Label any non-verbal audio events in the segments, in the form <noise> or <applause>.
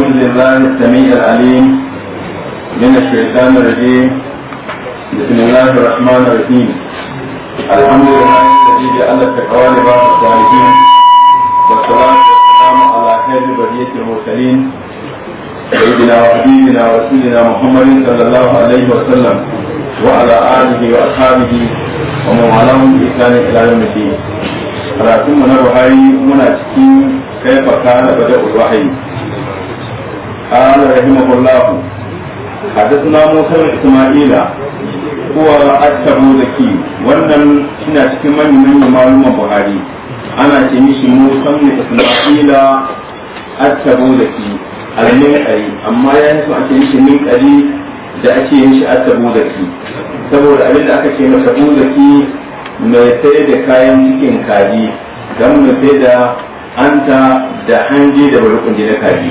أعوذ بالله السميع العليم من الشيطان الرجيم بسم الله الرحمن الرحيم الحمد لله الذي جعل التقوى بعض الصالحين والصلاة والسلام على خير برية المرسلين سيدنا وحبيبنا ورسولنا محمد صلى الله عليه وسلم وعلى آله وأصحابه ومن والاهم بإحسان إلى يوم الدين. karatun mu na ruhayi muna cikin kaifa kana bada wahayi قال رحمه الله حدثنا موسى اسماعيل هو التبوذكي wannan shina cikin manyan maluman Buhari ana ce mishi Musa ibn Isma'ila at-Tabuzaki amma ya so ake mishi Minqari da ake mishi at saboda abin da aka ce masa mai sai da kayan cikin kaji dan mai sai da anta da hanje da kunje da kaji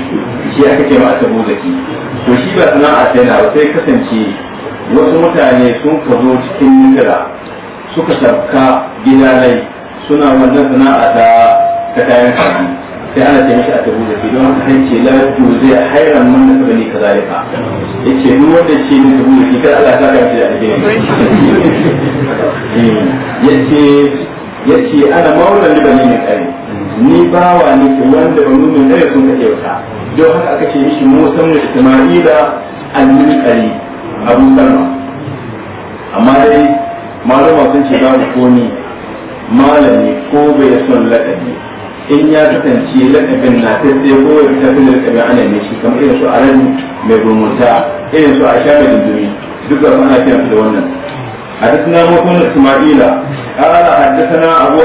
shi aka ce ma tabo zaki to shi ba sana'a sai na sai kasance wasu mutane sun kazo cikin nira suka sabka gidanai suna wannan sana'a ta ta kayan kaji sai ana ce mishi a tabo zaki don haka hanci ce la zai hairan mun da kabani kazalika yace ni wanda ce ni tabo zaki kar Allah ta ka da alheri <laughs> eh, yace yace ana maulan da bani ne kai ni bawa ke wanda ba nuna da sun ka kyauta don haka aka ce shi Musa da Isma'ila al-Milqari Abu Salma amma dai malama sun ce babu ko ni malami ko bai son lakabi in ya kasance lakabin na ta sai ko ya tafi lakabin ana ne shi kamar irin su aran mai gomunta irin su a sha mai duk da ana kiran da wannan حدثنا موسى بن اسماعيل قال حدثنا ابو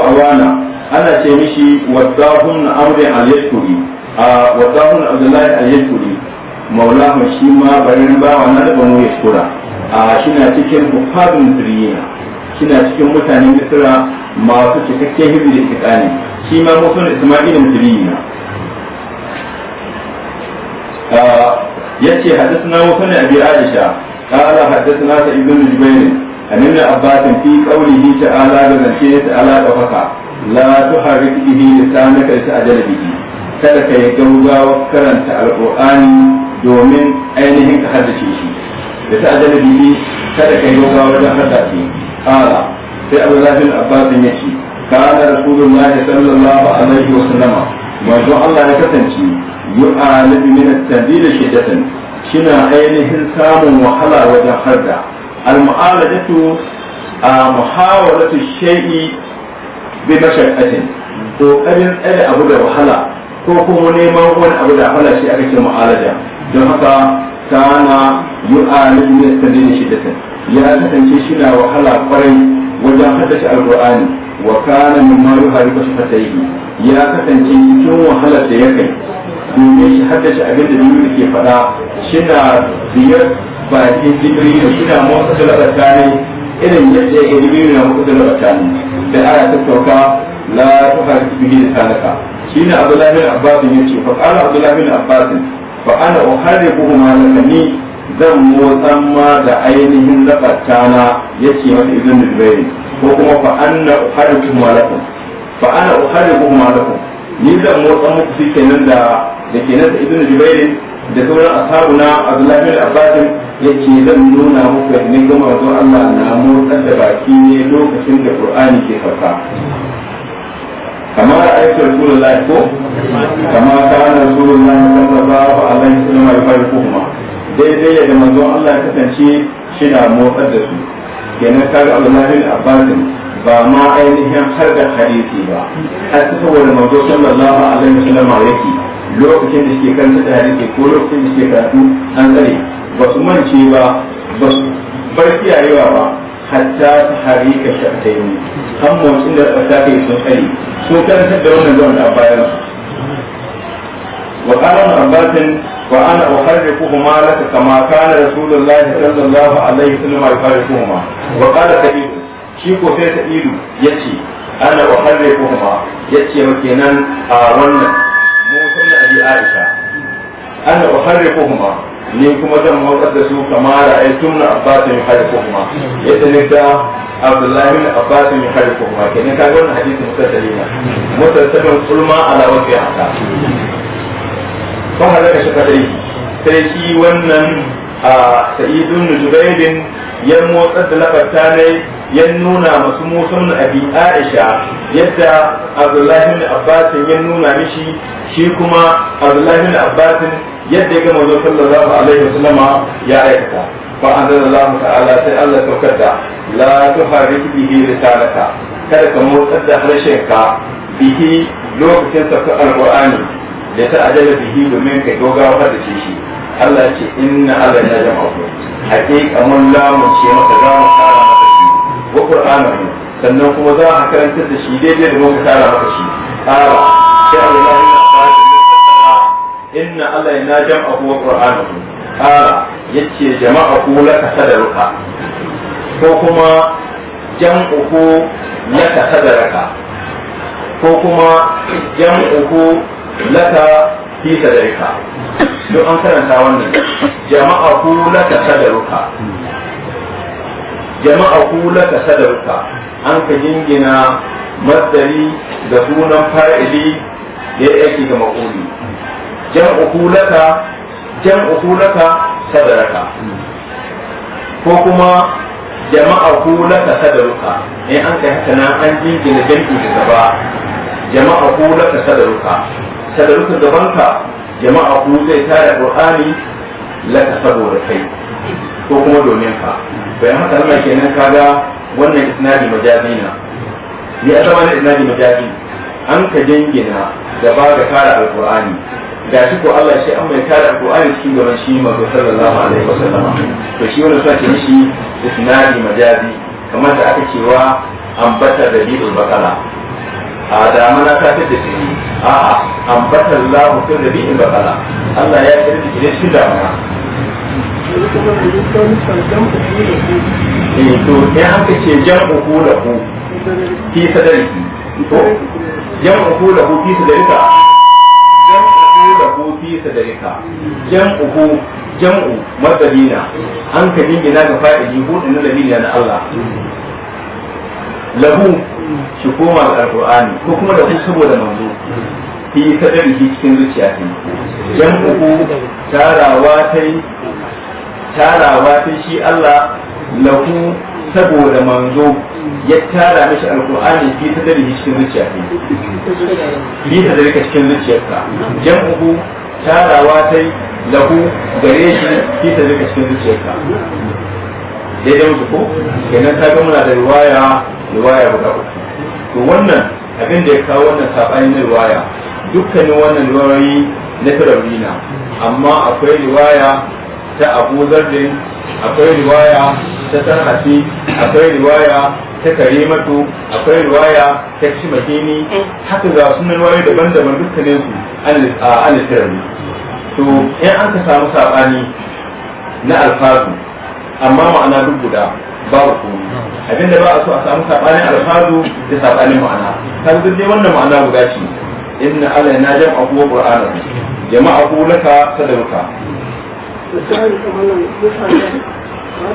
mishi wadahun amrin al-yashkuri a wadahun abdullahi al-yashkuri maula shi ma bayan bawa na da banu yashkura a shina cikin bukadun sirriya shina cikin mutanen misira masu cikakken hirri da itikani shi ma musulun isma'il musulina yace hadisna musulun abi aisha قال حدثنا سعيد بن جبير عن ابن عباس في قوله تعالى بزكية da faka la tuharik bihi lisanaka ta'jal bihi kada ka yi gaugawa karanta alqur'ani domin ainihin ka haddace shi da ta'jal bihi kada ka yi gaugawa da haddace ala sai abu zafin abbasin yace kana rasulullahi sallallahu alaihi wa sallama manzo Allah ya kasance yu'alibu min at-tadil shiddatan shina ainihin samun wahala wajen harda al a muhawalatu shay'i bi ajin to ajin tsare abu da wahala ko kuma neman wani abu da wahala shi aka ce mu'alaja don haka kana yu'alij min shi shiddatan ya kasance shi na wahala kwarai wajen haddace alqur'ani wa kana mimma yuharibu shifatayhi ya kasance cikin wahalar da ya kai domin shi shi abin da duniya ke faɗa shi na biyar bakin da shi na motsa da tare irin yadda ya ilimi na hudu da bakani da aya ta sauka la tuharrik bihi lisanaka shine abdullahi bin abbas yace fa qala abdullahi bin abbas fa ana uharribuhuma lakani zan motsan ma da ainihin labatana yace mata ibn zubairi ko kuma o fa anna uharribuhuma lakum fa ana uharribuhuma lakum ni zan motsan muku shi kenan da da izin da ibn zubairi da sauran na abdullahi abbasin ya ce zan nuna muku ne gama manzon Allah na motsar da baki ne lokacin da qur'ani ke sauka kamar aiki rasulullahi ko kama kana rasulullahi sallallahu alaihi wasallam ya fara kuma daidai gama zuwa Allah ya kasance shi na motsar da su kenan kaga abdullahi bin abbas ba ma ainihin har da hadisi ba har saboda manzo sallallahu alaihi wasallam yake lokacin da suke karanta da hadisi ko lokacin da suke karatu an tsare ba su mance ba ba su bar kiyayewa ba hatta hari ka shaftai ne an motsin da tsaka kai sun tsare sun karanta da wannan zaman da bayan wa qala abbasin wa ana uharrikuhuma laka kama kana rasulullahi sallallahu alaihi wasallam yuharrikuhuma wa qala sa'id shi ko sai sa'idu yace ana uharrikuhuma yace kenan a wannan aisha ana uharriquhuma ni kuma zan mawar da su kama ra'aytum na abbas yuharriquhuma yadda ne da abdullahi bin abbas yuharriquhuma kenan kaga wannan hadisi musalsali ne musalsalin ulma ala wajhi haka kuma da shi kadai sai shi wannan a sa'idun jubairin ya motsar da lafarta ne ya nuna masu na abi aisha yadda abdullahi na abbasin ya nuna mishi shi kuma abdullahi na abbasin yadda ya ga manzo sallallahu alaihi wasallama ya aikata fa anzalallahu ta'ala sai Allah saukar da la tuharrik bihi risalata kada ka motsar da harshen ka bihi lokacin sa alqur'ani da ta ajala bihi domin ka dogawa da ce shi Allah ce inna Allah ya jama'a ku haƙiƙa mun lamun ce maka za mu kara maka shi wa qur'anahu sannan kuma za a karanta da shi daidai da muka kara maka shi ƙara sai Allah ya inna Allah ya jama'a ku wa qur'anahu ƙara yace jama'a ku laka sadaruka ko kuma jam'u ku laka sadaraka ko kuma jam'u ku laka fi sadarika duk an karanta wannan jama'a ku laka sadarka jama'a ku laka sadarka an ka jingina masdari ga sunan fa'ili da ya yake ga maƙoli jama'a ku laka jama'a ku laka sadarka ko kuma jama'a ku laka sadaruka in an kai haka nan an jingina jam'i da gaba jama'a ku laka sadaruka Ka shagaru ka gabanka jama'a ku zai tara qur'ani laka da kai ko kuma domin ka bayan haka nan kenan kaga wannan isnadi majazi na ni a zama na isnadi majazi an ka jingina gaba ga tara alqur'ani ga shi ko Allah shi an mai tara alqur'ani cikin gaban shi manzo sallallahu alaihi wasallam to shi wannan suna ce shi isnadi majazi kamar da aka cewa ambata da bidul bakala a damuna ta ta da fili a a ambatar lahu fil rabi'in kala Allah ya kira da kire shi damuna eh to ya haka ce jan uku da ku fi sadari to jan uku da ku fi sadari ka jam'u da ku fi sadari ka jam'u ku jam'u madalina an ka dingina ga fa'ili na ladina na Allah lahu shi koma da alqur'ani ko kuma da kuma saboda manzo fi kadari shi cikin zuciya ta yan uku tarawa ta tarawa ta shi Allah lahu saboda manzo ya tara mishi alqur'ani fi kadari cikin zuciya ta fi kadari ka cikin ta yan uku tarawa ta lahu gare shi fi kadari ka cikin zuciya zuciyarka daidai mutu ko kenan ta ga da riwaya riwaya guda uku to wannan abin da ya kawo wannan sabani na riwaya dukkanin wannan riwayoyi na firawina amma akwai riwaya ta abu zardin akwai riwaya ta sarhasi akwai riwaya ta karimatu akwai riwaya ta shimakini haka za su nan riwayoyi daban-daban dukkanin su an to in an ka samu sabani na alfazu amma ma'ana duk guda babu komai abin da ba a so a samu saɓanin alfazu da saɓanin ma'ana kan duk wannan ma'ana guda ce inna ala na jam a kuma qur'ana jama'a ku laka sadaka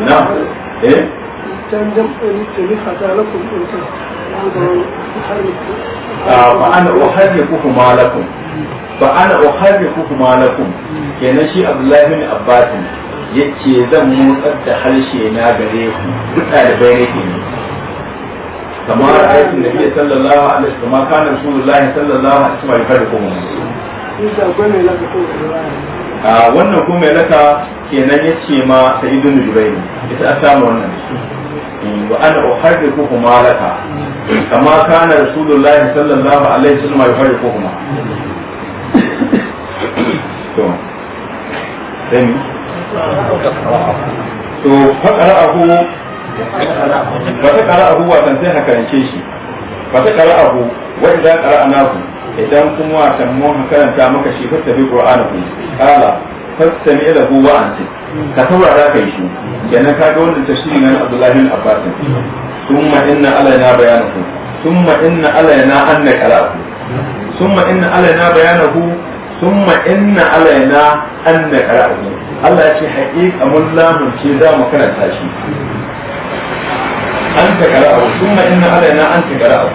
na eh ah, fa'ana uharrikuhu ma lakum fa'ana uharrikuhu ma lakum kenan shi abdullahi ibn abbas yace zan motsar da harshe na gare ku duk ɗalibai ne kamar da sallallahu alaihi wasallam kama kana rasulullahi sallallahu alaihi wasallam a wannan kuma ya laka kenan ya ma ita a samu wannan eh, wa ana kuma laka kama kana rasulullahi sallallahu alaihi wasallam ya fara kuma to sai to faƙara abu ba ta ƙara abu watan sai na karance shi ba ta ƙara abu wani za ƙara anahu idan kuma watan mun karanta maka shi fasta bi qur'ana ku qala fastami lahu wa anti ka taurara kai shi kenan ka ga wannan tafsiri na Abdullahi bin Abbas thumma inna alaina bayanahu thumma inna alaina anna qara'ahu thumma inna alaina bayanahu thumma inna alaina anna qara'ahu Allah ya ce haƙiƙa mun lamunce za mu karanta shi an ta qara'u thumma inna alaina an ta qara'u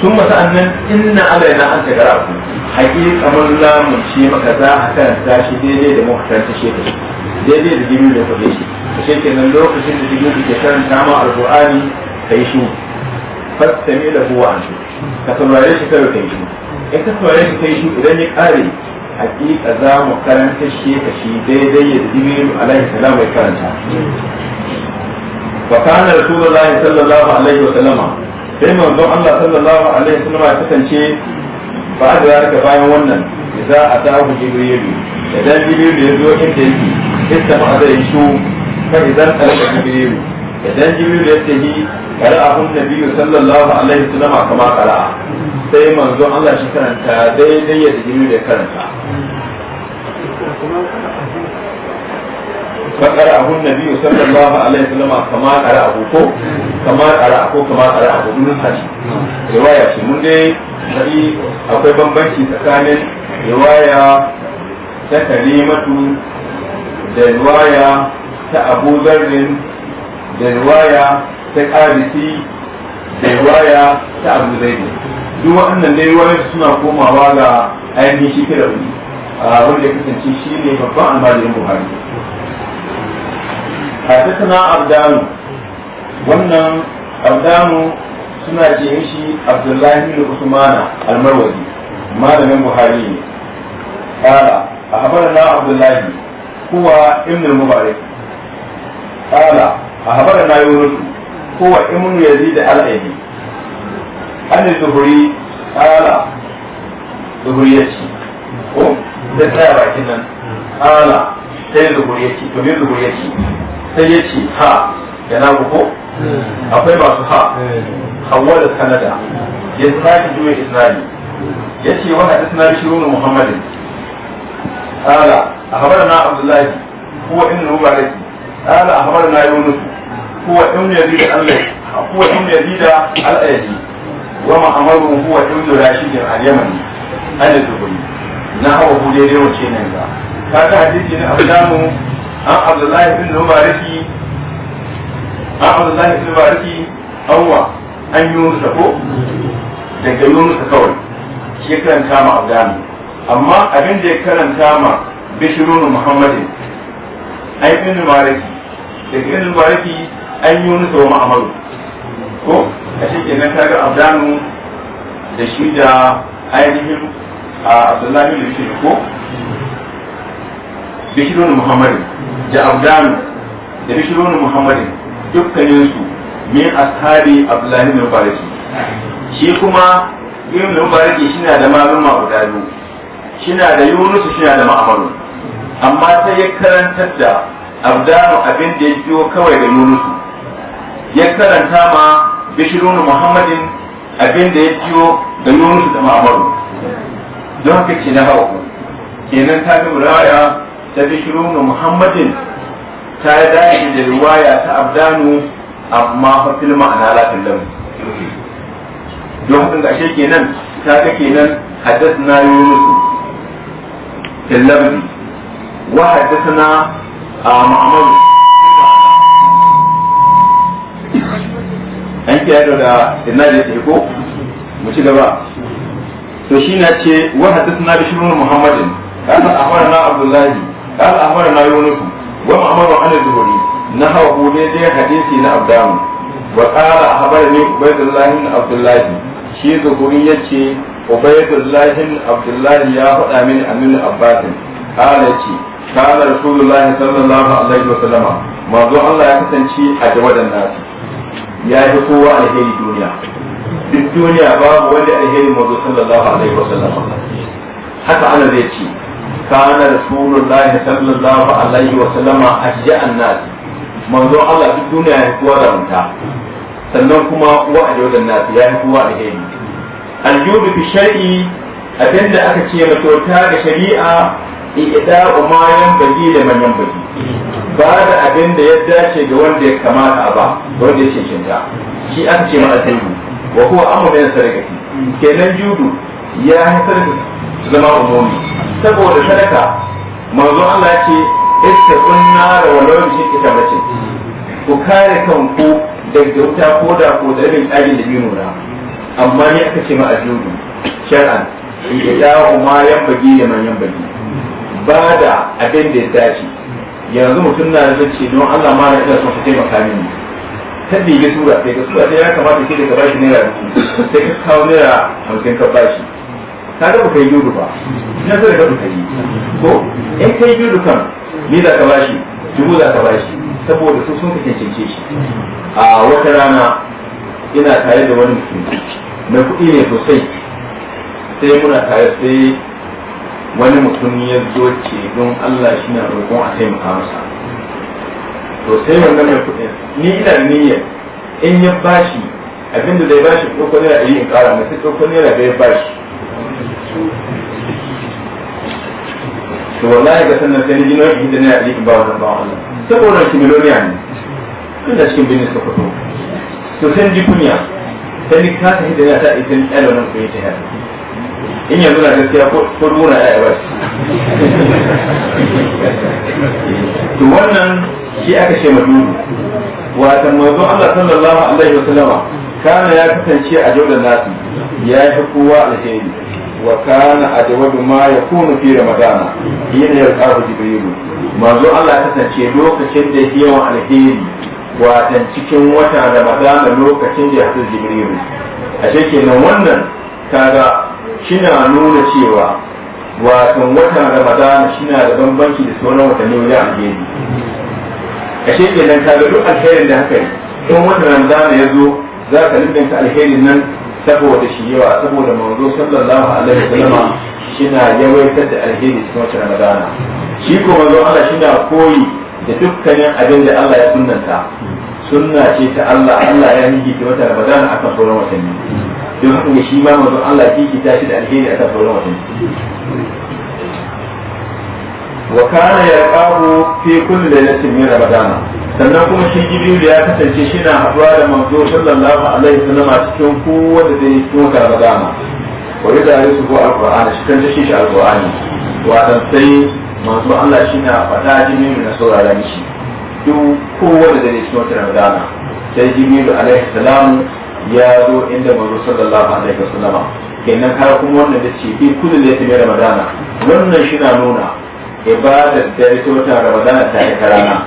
thumma sa'annan inna alaina an ta qara'u haƙiƙa mun lamunce maka za a karanta shi daidai da muka karanta shi daidai da jimin da kuɗe shi shi kenan lokacin da jimin ke karanta ma alqur'ani kai shi fastami lahu wa an ka saurare shi ka kai shi in ka saurare shi kai shi idan ya ƙare hakika za mu karanta shi ka shi daidai ya jibiru alaihi salam bai karanta wa kana rasulullahi sallallahu alaihi wa sallama sai manzon Allah sallallahu alaihi wa sallama ya kasance ba da ya bayan wannan za a idza atahu da idan jibrilu ya zo inda yake istama zai shu fa idan talaka jibrilu idan jibril ya ce ni kare a hun nabi sallallahu alaihi wasallam kama kara sai manzo Allah shi karanta dai-dai daidai yadda jibril ya karanta fakar a hun nabi sallallahu alaihi wasallam kama kara a hoto kama kara a ko kama kara abu hoto Haji. riwaya shi mun dai shari akwai bambanci tsakanin riwaya ta kalimatu da riwaya ta abu zarrin da riwaya ta ƙarisi da riwaya ta abu ne duk waɗannan da riwayar suna komawa ga ainihin shi kira ne wanda ya kasance shi ne babban almajirin buhari حدثنا أبدان wannan abdanu suna ce shi abdullahi bin usmana almarwazi malamin buhari ne kala a habarana abdullahi kuwa ibn mubarak kala أخبرنا يونس هو يزيد أن قال da tsaya na ya أخبرنا عبد الله هو قال أخبرنا يونس هو ابن يزيد الله هو ابن يزيد الأيدي ومعمر هو ابن راشد اليمني الزبري نحوه ديدي وشينين هذا حديث أقدام عن عبد الله بن مبارك عن عبد الله بن مبارك هو أن يونس هو daga Yunus kawai shi karanta ma Abdani amma abin da ya karanta ma Bishirun Muhammadin مبارك ibn Maliki daga an yi wani tsawo ma'amaru ko a cikin nan kaga abdanu da shi da ainihin a abdullahi da shi ko bishirun muhammadin da abdanu da bishirun muhammadin dukkaninsu min ashabi abdullahi bin farisi shi kuma yin shi shina da malum shi shina da yunus shina da ma'amaru amma sai ya karantar da abdanu abin da ya biyo kawai da yunusu ya karanta ma bishirun muhammadin abin da ya ciwo da yunus da ma'amaru don haka ce na hawa kenan ta fi riwaya ta bishirun muhammadin ta yi dace da riwaya ta abdanu amma fa fil ma'ana la lamu. don haka ga shi kenan ta ga kenan haddathna yunus fil lam wa haddathna ah, ma'amaru an kiyaye da inna da yake ko mu ci gaba to shi na ce wa hadathna bi shurun muhammadin qala akhbarana abdullah qala akhbarana yunus wa muhammadu an az-zuhri nahawu ne dai hadisi na abdamu wa qala akhbarani ubaydullah ibn abdullah shi gurin yace ubaydullah ibn abdullah ya faɗa mini amin abbas qala ce qala rasulullah sallallahu alaihi wasallam manzo Allah ya kasance a jawadan nasu ya fi kowa alheri duniya duk duniya babu wani alheri mazo sallallahu alaihi wa wasallam haka ana zai ce kana rasulullahi sallallahu alaihi wa wasallama ajja'an nas manzo Allah duk duniya ya kowa da mutunta sannan kuma wa ajwadan nas ya kowa alheri aljudu fi shar'i abinda aka ce mace da shari'a ita umayan bagi da manyan baji. ba da abin da ya dace ga wanda ya kamata a ba wanda ya cancanta shi an ce ma asali wa kuwa amu da sarakati kenan judu ya haifar da zama umumi saboda sadaka manzo Allah ce ittaqun rawa walau shi ke tabbace ku kare kanku daga wuta ko da ko da irin tsarin da biyu nuna amma ne aka ce ma ajudu shar'an ita ma yan bagi da manyan bagi ba da abin da ya dace yanzu mutum na da ce don Allah ma na ina son ka taimaka mini ta ɗibi sura sai ka sura sai ya kamata ke da ka bashi naira dubu sai ka kawo naira hamsin ka bashi ka ga ka yi yudu ba na sai ka yi ko in kai yudu kan ni za ka bashi dubu za ka bashi saboda su sun ka cancance shi a wata rana ina tare da wani mutum na kuɗi ne sosai sai muna tare sai wani mutum ya zo ce don Allah shi na roƙon a taimaka masa to sai wannan mai kuɗin ni ina niyya in ya bashi abinda zai bashi ɗauko naira ɗari in ƙara mai sai ɗauko naira da ya bashi to wallahi ga sannan sai ni ji nau'i da naira ɗari in ba wannan ba wannan saboda shi miloniya ne da cikin binin suka fito to sai ji kunya sai ni kasa hidda ya ta ita ni ɗaya wannan kuɗi ta yadda in yanzu na gaskiya ko nuna ya ba to wannan shi aka ce madudu wata manzon Allah sallallahu alaihi wa sallama kana ya kasance a jawda nasu ya fi kowa alheri wa kana a jawabi ma ya kunu fi ramadana yin ya kafu jibrilu manzon Allah ya kasance lokacin da yake yawan alheri watan cikin wata ramadana lokacin da ya hasu jibrilu a kenan wannan kaga shina nuna cewa watan watan ramadana shina da bambanci da sauran watanni ya alheri ashe nan, ka ga duk alherin da haka yi don watan ramadana ya zo za ka lullunta alherin nan saboda shi yawa saboda manzo sallallahu alaihi wa wasallam shina yawaitar da alheri cikin watan ramadana shi ko manzo Allah shina koyi da dukkanin abin da Allah ya sunnanta sunna ce ta Allah Allah ya nihi ta watan ramadana akan sauran watanni don haka ne shi ma manzon Allah kiki ta shi da alheri akan sauran wani wa kana yaqahu fi kulli lailatin min ramadana sannan kuma shi jibril ya kasance shi na haɗuwa da manzo sallallahu alaihi wasallam cikin kowace da yake cikin ramadana wa yadda ya su ko alqur'ani shi kan shi alqur'ani wa dan sai manzo Allah shi na faɗa jibril na saurara shi duk kowace da yake cikin ramadana sai jibril alaihi salam ya zo inda manzo sallallahu alaihi sallama kenan ka kuma wannan da ce bi kullu laysa min ramadana wannan shi na nuna ibadar da ita wata ramadana ta yi karana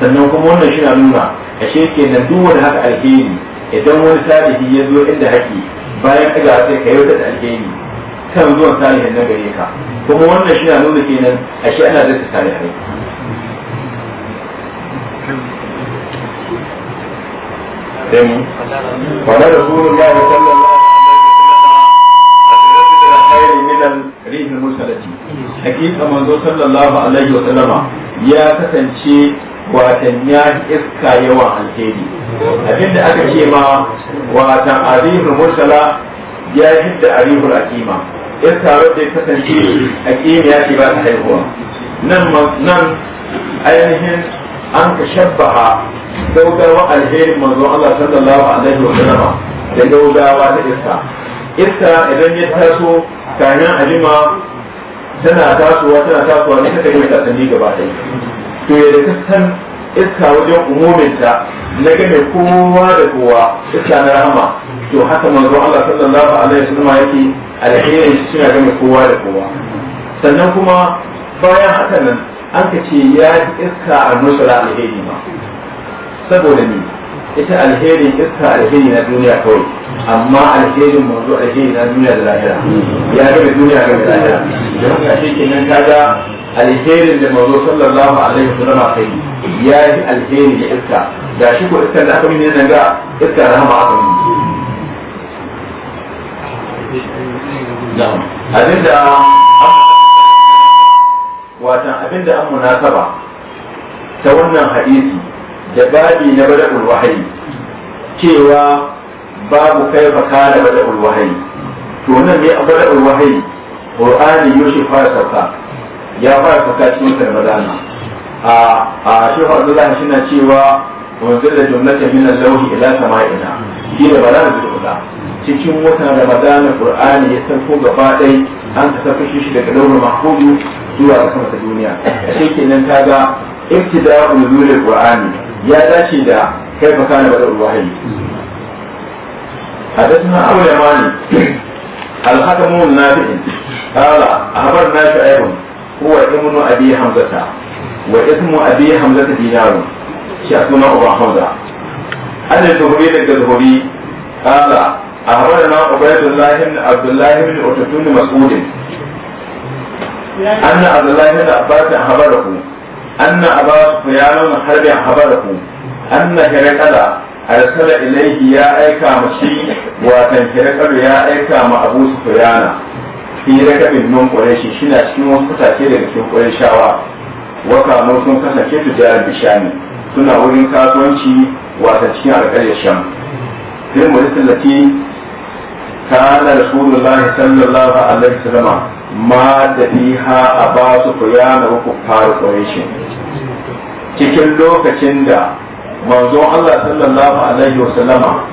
sannan kuma wannan shi na nuna ashe kenan duk wanda haka alheri idan wani salihi ya zo inda haki bayan kaga sai ka yauta da alheri kan zuwan salihin na gare ka kuma wannan shi na nuna kenan ashe ana da salihai sai mu wala rasulullahi sallallahu rihin mursalati hakika manzo sallallahu alaihi wa sallama ya kasance watan ya iska yawan alheri abinda aka ce ma watan arihul mursala ya hidda arihul akima iska wadda ya kasance akima ya ce ba ta haihuwa nan nan ainihin an ka shabbaha gaugawa alherin manzo Allah sallallahu alaihi wa sallama da gaugawa da iska iska idan ya taso kayan alima tana tasowa tana tasowa ne ta kai mai gaba ɗaya to ya da kasan iska wajen ta na game kowa da kowa iska na rahama to haka manzo Allah sallallahu alaihi wasallam yake alherin shi suna game kowa da kowa sannan kuma bayan haka nan an ka ce ya iska a nusra alheri ma saboda ni ita alherin iska alheri na duniya kawai amma alherin manzo alheri na duniya da lahira ya gaba duniya ga lahira don haka shi kenan kaga alherin da manzo sallallahu alaihi wasallam kai ya yi alherin da iska da shi ko iska da aka mini nan ga iska rahama aka mini na'am abinda watan abinda an munasaba ta wannan hadisi da babi na bada'ul wahayi cewa babu kai fa kana bada'ul wahayi to nan ne a bada'ul wahayi qur'ani yoshi fara sauka ya fara sauka cikin karmadana a a shehu abdullahi shi cewa wanzar da jumlata min al-lawhi ila sama'ina shi da bala da zuwa cikin watan ramadana qur'ani ya sauko gaba ɗaya an ka saka shi daga laurin mahfudu zuwa sama ta duniya shi ke nan ga ibtida ulul ya dace da kai fa kana bada wahayi hadathna abu anna abdullahi da abbas ya habara ku anna abbas ku ya nuna harbi ya habara ku anna hirakala arsala ilaihi ya aika ma shi wa kan hirakalu ya aika ma abu sufyana fi rakabin nun qurayshi shina cikin wasu da daga cikin qurayshawa wa kanu sun kasance su da bishani suna wurin kasuwanci wa ta cikin alƙaryar sham sai mu rasulati kana rasulullahi sallallahu alaihi wasallam ma da biha a ba su kuyana ku faru ƙwarishin cikin lokacin da manzon Allah sallallahu alaihi wasallama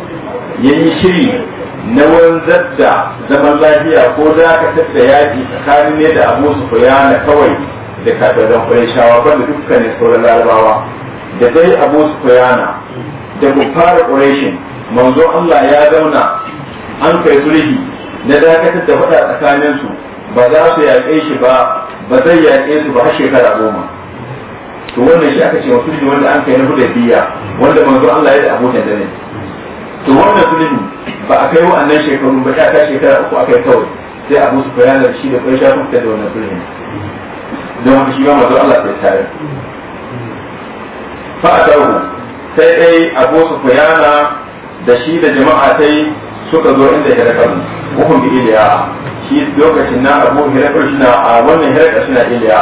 ya yi shiri na wanzar da zaman lafiya ko dakatar da yaƙi tsakanin ne da abu su kuyana kawai da kafirin ba, da dukkanin sauran larabawa da dai abu su kuyana da ku fara manzon Allah ya zauna an kai sulhi na dakatar da faɗa tsakaninsu ba za su yaƙe shi ba ba zai yaƙe su ba har shekara goma to wannan shi aka ce wa sulhu wanda an kai na hudar biya wanda manzo Allah ya da abokan da ne to wannan sulhu ba a kai wa'annan shekaru ba ta shekara uku aka yi kawai sai Abu Sufyan da shi da kai shafu da wannan sulhu don haka shi ma manzo Allah sai tare fa atawu sai dai Abu Sufyan da shi da jama'a tai suka zo inda ya da kansu hukun bi iliya shi lokacin na abu hirakar shi na a wannan hirakar shi na iliya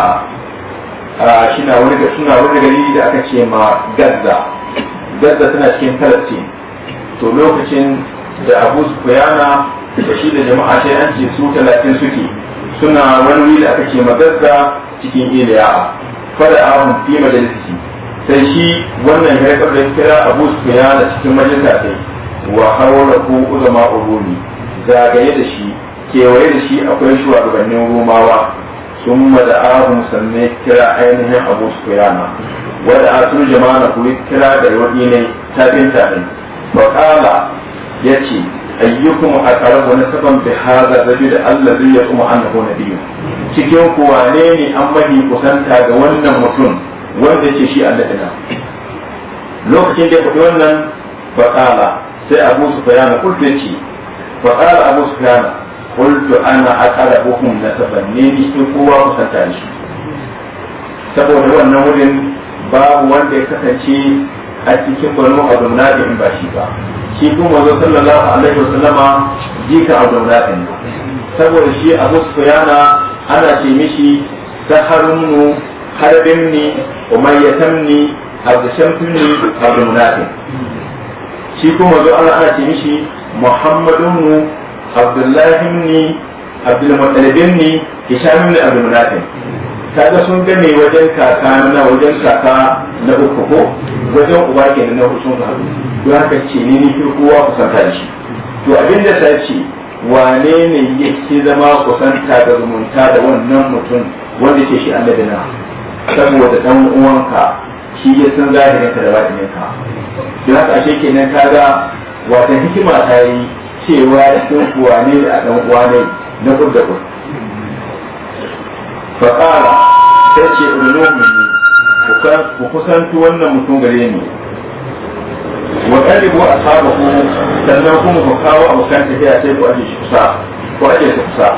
shi na wani suna wani gari da aka ce ma gaza gaza tana cikin palestine to lokacin da abu kuyana da shi da jama'a sai an ce su talatin suke suna wani wuri da aka ce ma gaza cikin iliya fada abu fi majalisi sai shi wannan hirakar da kira abu kuyana cikin majalisa sai wa harwar ku uzama urumi zagaye da shi kewaye da shi akwai shugabannin romawa sun mada'ahun sanne kira ainihin abu su kuyana wadda a sun jama'a na kuri kira da yawadi ne binta ne bakala ya ce ayyukum a karabu wani saban bi haza zabi da allah zai ya kuma an na biyu cikin kuwa ne ne an mahi kusanta ga wannan mutum wanda ce shi allah ina lokacin da ya faɗi wannan bakala sai abu su kuyana kurfe ce فقال أبو سفيان قلت أنا أقربكم نسبا نيني إقوى كسنتاني saboda wannan wurin babu wanda ya kasance a cikin gwalmu a in ba shi ba shi kuma mazo sallallahu alaihi wasallama jika a zauna da saboda shi abu sufyana ana ce ta saharunmu harbin ni umayyatan ni shi kuma ana محمد بن عبد الله بن عبد المطلب بن هشام بن عبد المنافع kaga sun gane wajen kaka na wajen kaka na uku ko wajen uba kenan na uku sun haka ce ne ni kowa kusanta shi to abin da ta ce wane ne yake zama kusanta da zumunta da wannan mutum wanda ke shi annabi na saboda ɗan uwanka shi ya san zahirin ka da batinin ka don haka ashe kenan kaga wata hikima ta yi cewa ɗan uwa ne a ɗan uwa ne na kudda kun faƙara ta ce ulumin ne ku kusantu wannan mutum gare ni wa ƙaribu a saba ku sannan kuma ku kawo abokan tafiya sai ku aje shi kusa ku aje su kusa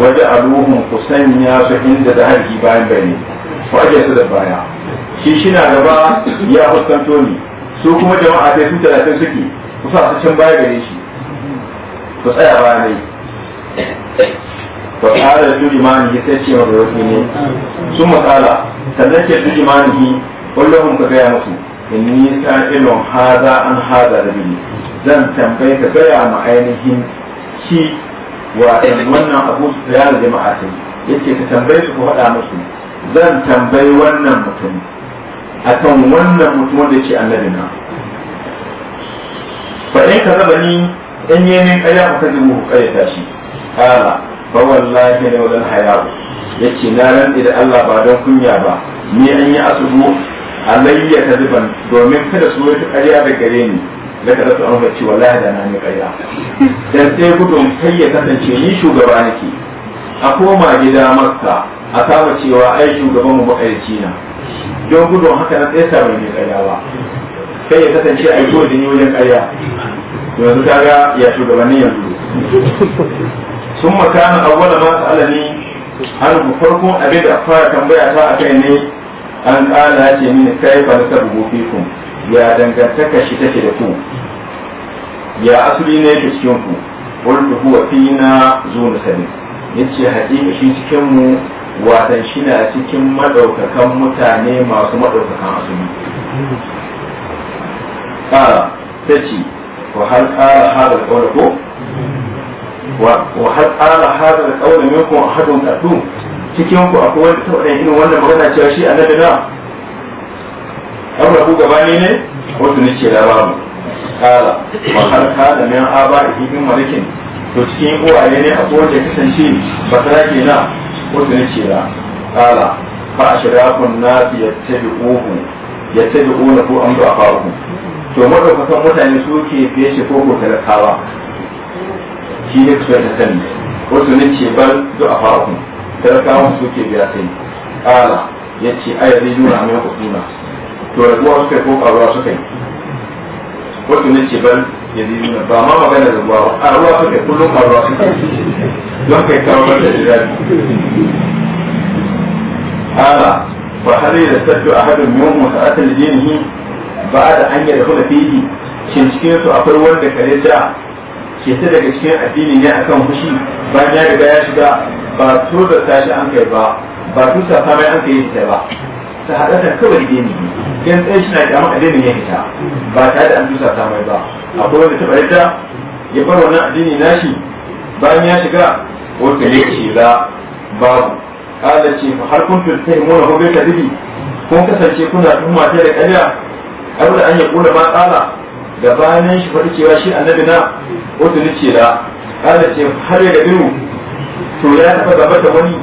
waje aluhun ku sanya su inda da harki bayan bayani ku aje su da baya shi shi na gaba ya fuskanto ni su kuma jama'a dai sun talatin suke ku sa su can baya gare shi ku tsaya baya ne wa tsara su limani ya sai cewa da wasu ne sun matsala sannan ce su limani kullum ka gaya musu inni sa'ilun haza an haza da biyu zan tambaye ka gaya ma ainihin shi wa wannan abu su tsaya da jama'a sai yace ka tambaye su ku faɗa musu zan tambayi wannan mutum akan wannan mutum da ce annabi na fa in ka zaba ni in yi min ƙarya ku kaji mu ƙaryata shi ala fa wallahi la haya ya ce na ran da Allah ba don kunya ba ni an yi asubu alayya zuban domin kada su yi ƙarya da gare ni da kada su an ce wallahi da na ni ƙarya dan sai gudun kai ya kasance ni shugaba nake a koma gida makka a kama cewa ai shugaban mu maƙarci na don gudun haka na tsaye sabon ne karya ba sai ya kasance a yi ko jini wajen karya yanzu ta ga ya shugabannin yanzu sun makana awwala ma har mu farkon abin da fara tambaya ta akai ne an kala ce mini kai ba da sabu kun ya dangantaka shi take da ku ya asali ne ke cikin ku wanda huwa fina zuwa sani yace haƙiƙa shi cikin mu watan shi na cikin maɗaukakan mutane masu maɗaukakan asumi ƙara ta ce wa har ƙara haɗar ƙaunar ko wa har ƙara haɗar ƙaura a haɗin kaɗu cikin ku akwai wani taɓa ɗan irin wannan magana cewa shi annabi na abu gaba ne Wata ni ce labarin kala wa har kala min aba ihin malikin to cikin uwaye ne akwai wanda kasance ba ta na wanda yake da kala fa ashirafun nasi yattabi'uhu yattabi'una ko an ba fa ku to madaukakan mutane su ke shi ko ko talakawa shi ne kusa da sani wasu ne ce bal duk a faru talakawa ke biya sai kala yace ayyuna ayar zai nuna to raguwa suka yi ko karuwa suka yi wato ne ce ban yaziduna ba ma magana da ruwa a ruwa suke kullum a ruwa suke don kai kawo da jirani hala fa hal yastadu ahadun minhum sa'atan dinihi ba'da an yadkhula fihi shin cikin su akwai wanda kare da ke ta daga cikin addini ne akan fushi bayan ya riga ya shiga ba to da tashi an kai ba ba tusa ta mai an kai ta ba ta hadata kawai dini yan ɗaya shi na da amma addinin ya hita ba tare da an dusa ta mai ba akwai wanda ta bayyana ya bar wannan addini nashi bayan ya shiga wata yake za babu kada ce fa har kun tuntai mu na hobe kadibi kun kasance kuna tuhuma ta da ƙarya da an ya kula ma tsala da bayanan shi faɗi cewa shi annabi na wata ce da kada ce har ya gabiru to ya taɓa gaba da wani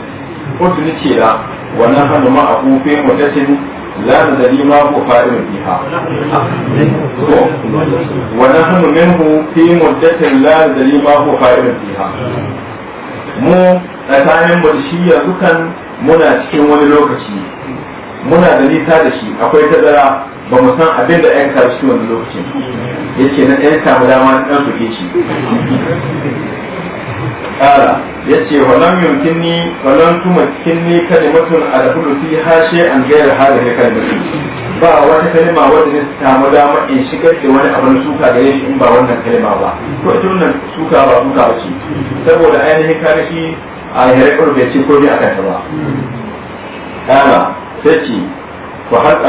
wata ce da wannan hannu ma a kufe ta mutasin لا ندري ما هو فاعل فيها ونحن منه في مدة لا ندري ما هو فاعل فيها mu tsakanin mu da muna cikin wani lokaci muna da nisa da shi akwai tazara ba mu san abin da yan karshe wani lokacin yace na yan samu dama na ɗan shi قال يتي ولم يمكنني ولم تمكنني كلمة kalimatun adkhulu fiha shay'an ba wata kalima wanda ne samu dama in shigar da wani abin suka gare shi in ba wannan kalima ba ko ita wannan suka ba suka ba ce saboda ainihin kare shi a yare bai ce ko ba kana sai ce ko har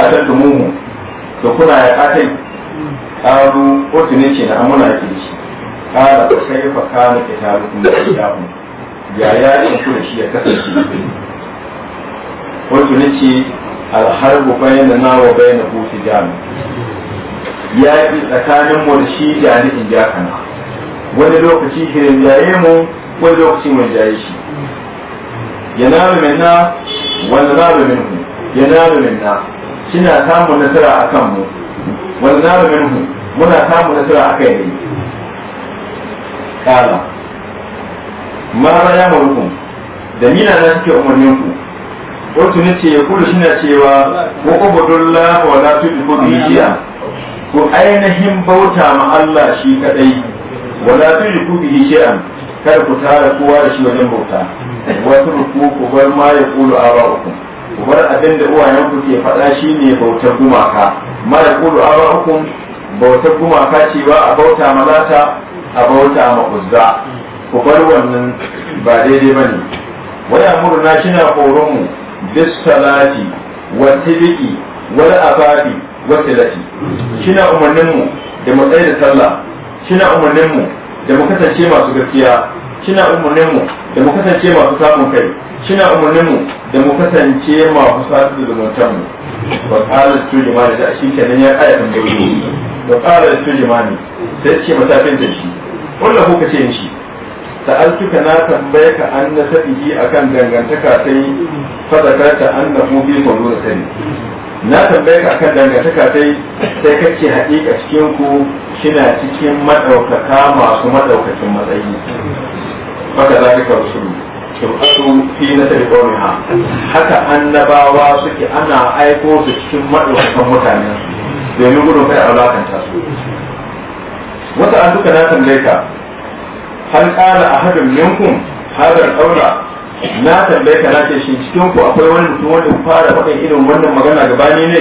to na amuna kala da kai fa kana kitabukum kitabu ya ya in ku shi ya kasance wato nace alharbu bayna na wa bayna ya yi shi da wani lokaci hirin mu wani lokaci mu jaye shi yanaru minna wa nanaru minhu yanaru shi na samun nasara akan mu wani nanaru minhu muna samun nasara akan yi kala ma na ya marukum da ni na suke umarnin ku wato ne ce kudu shi na cewa wa ubudullah wa la tudriku bihiya ku ainihin bauta ma Allah shi kadai wa la tudriku bihi shay'an kada ku tara kowa da shi wajen bauta wa turku ku bar ma ya kulu aba'ukum ku bar abin da uwayenku ke faɗa shine bautar gumaka ma ya kulu aba'ukum bautar gumaka ce ba a bauta ma ta? a bauta ma uzza ku bar wannan ba daidai ba ne wani amurna shina mu bis salati wa tiliki wa ababi wa tilati shina umarninmu da mu da sallah shina umarninmu da mu kasance masu gaskiya shina umarninmu da mu kasance masu samun kai shina umarninmu da mu kasance masu sadu da zumuntanmu wa qala tujmani da shi kenan ya kaya tambayoyi wa qala ne sai ce matafin da shi kullum kuka ce mishi sa'altuka na tambaye ka an na sabihi akan dangantaka sai yi ta an na hubi kwallo da sani na tambaye ka akan dangantaka sai sai sai ce haƙiƙa cikin ku shina cikin maɗaukaka masu maɗaukakin matsayi haka za ka rusulu shirkatu fi na tarikoni ha haka annabawa suke ana aiko su cikin maɗaukakan mutanen domin gudun kai a wulakanta su wata an suka na tambaye ka hal qala ahadun minkum hadar qawla na tambaye ka na ce shi cikin ku akwai wani mutum wanda ku fara faɗin irin wannan magana gabani ne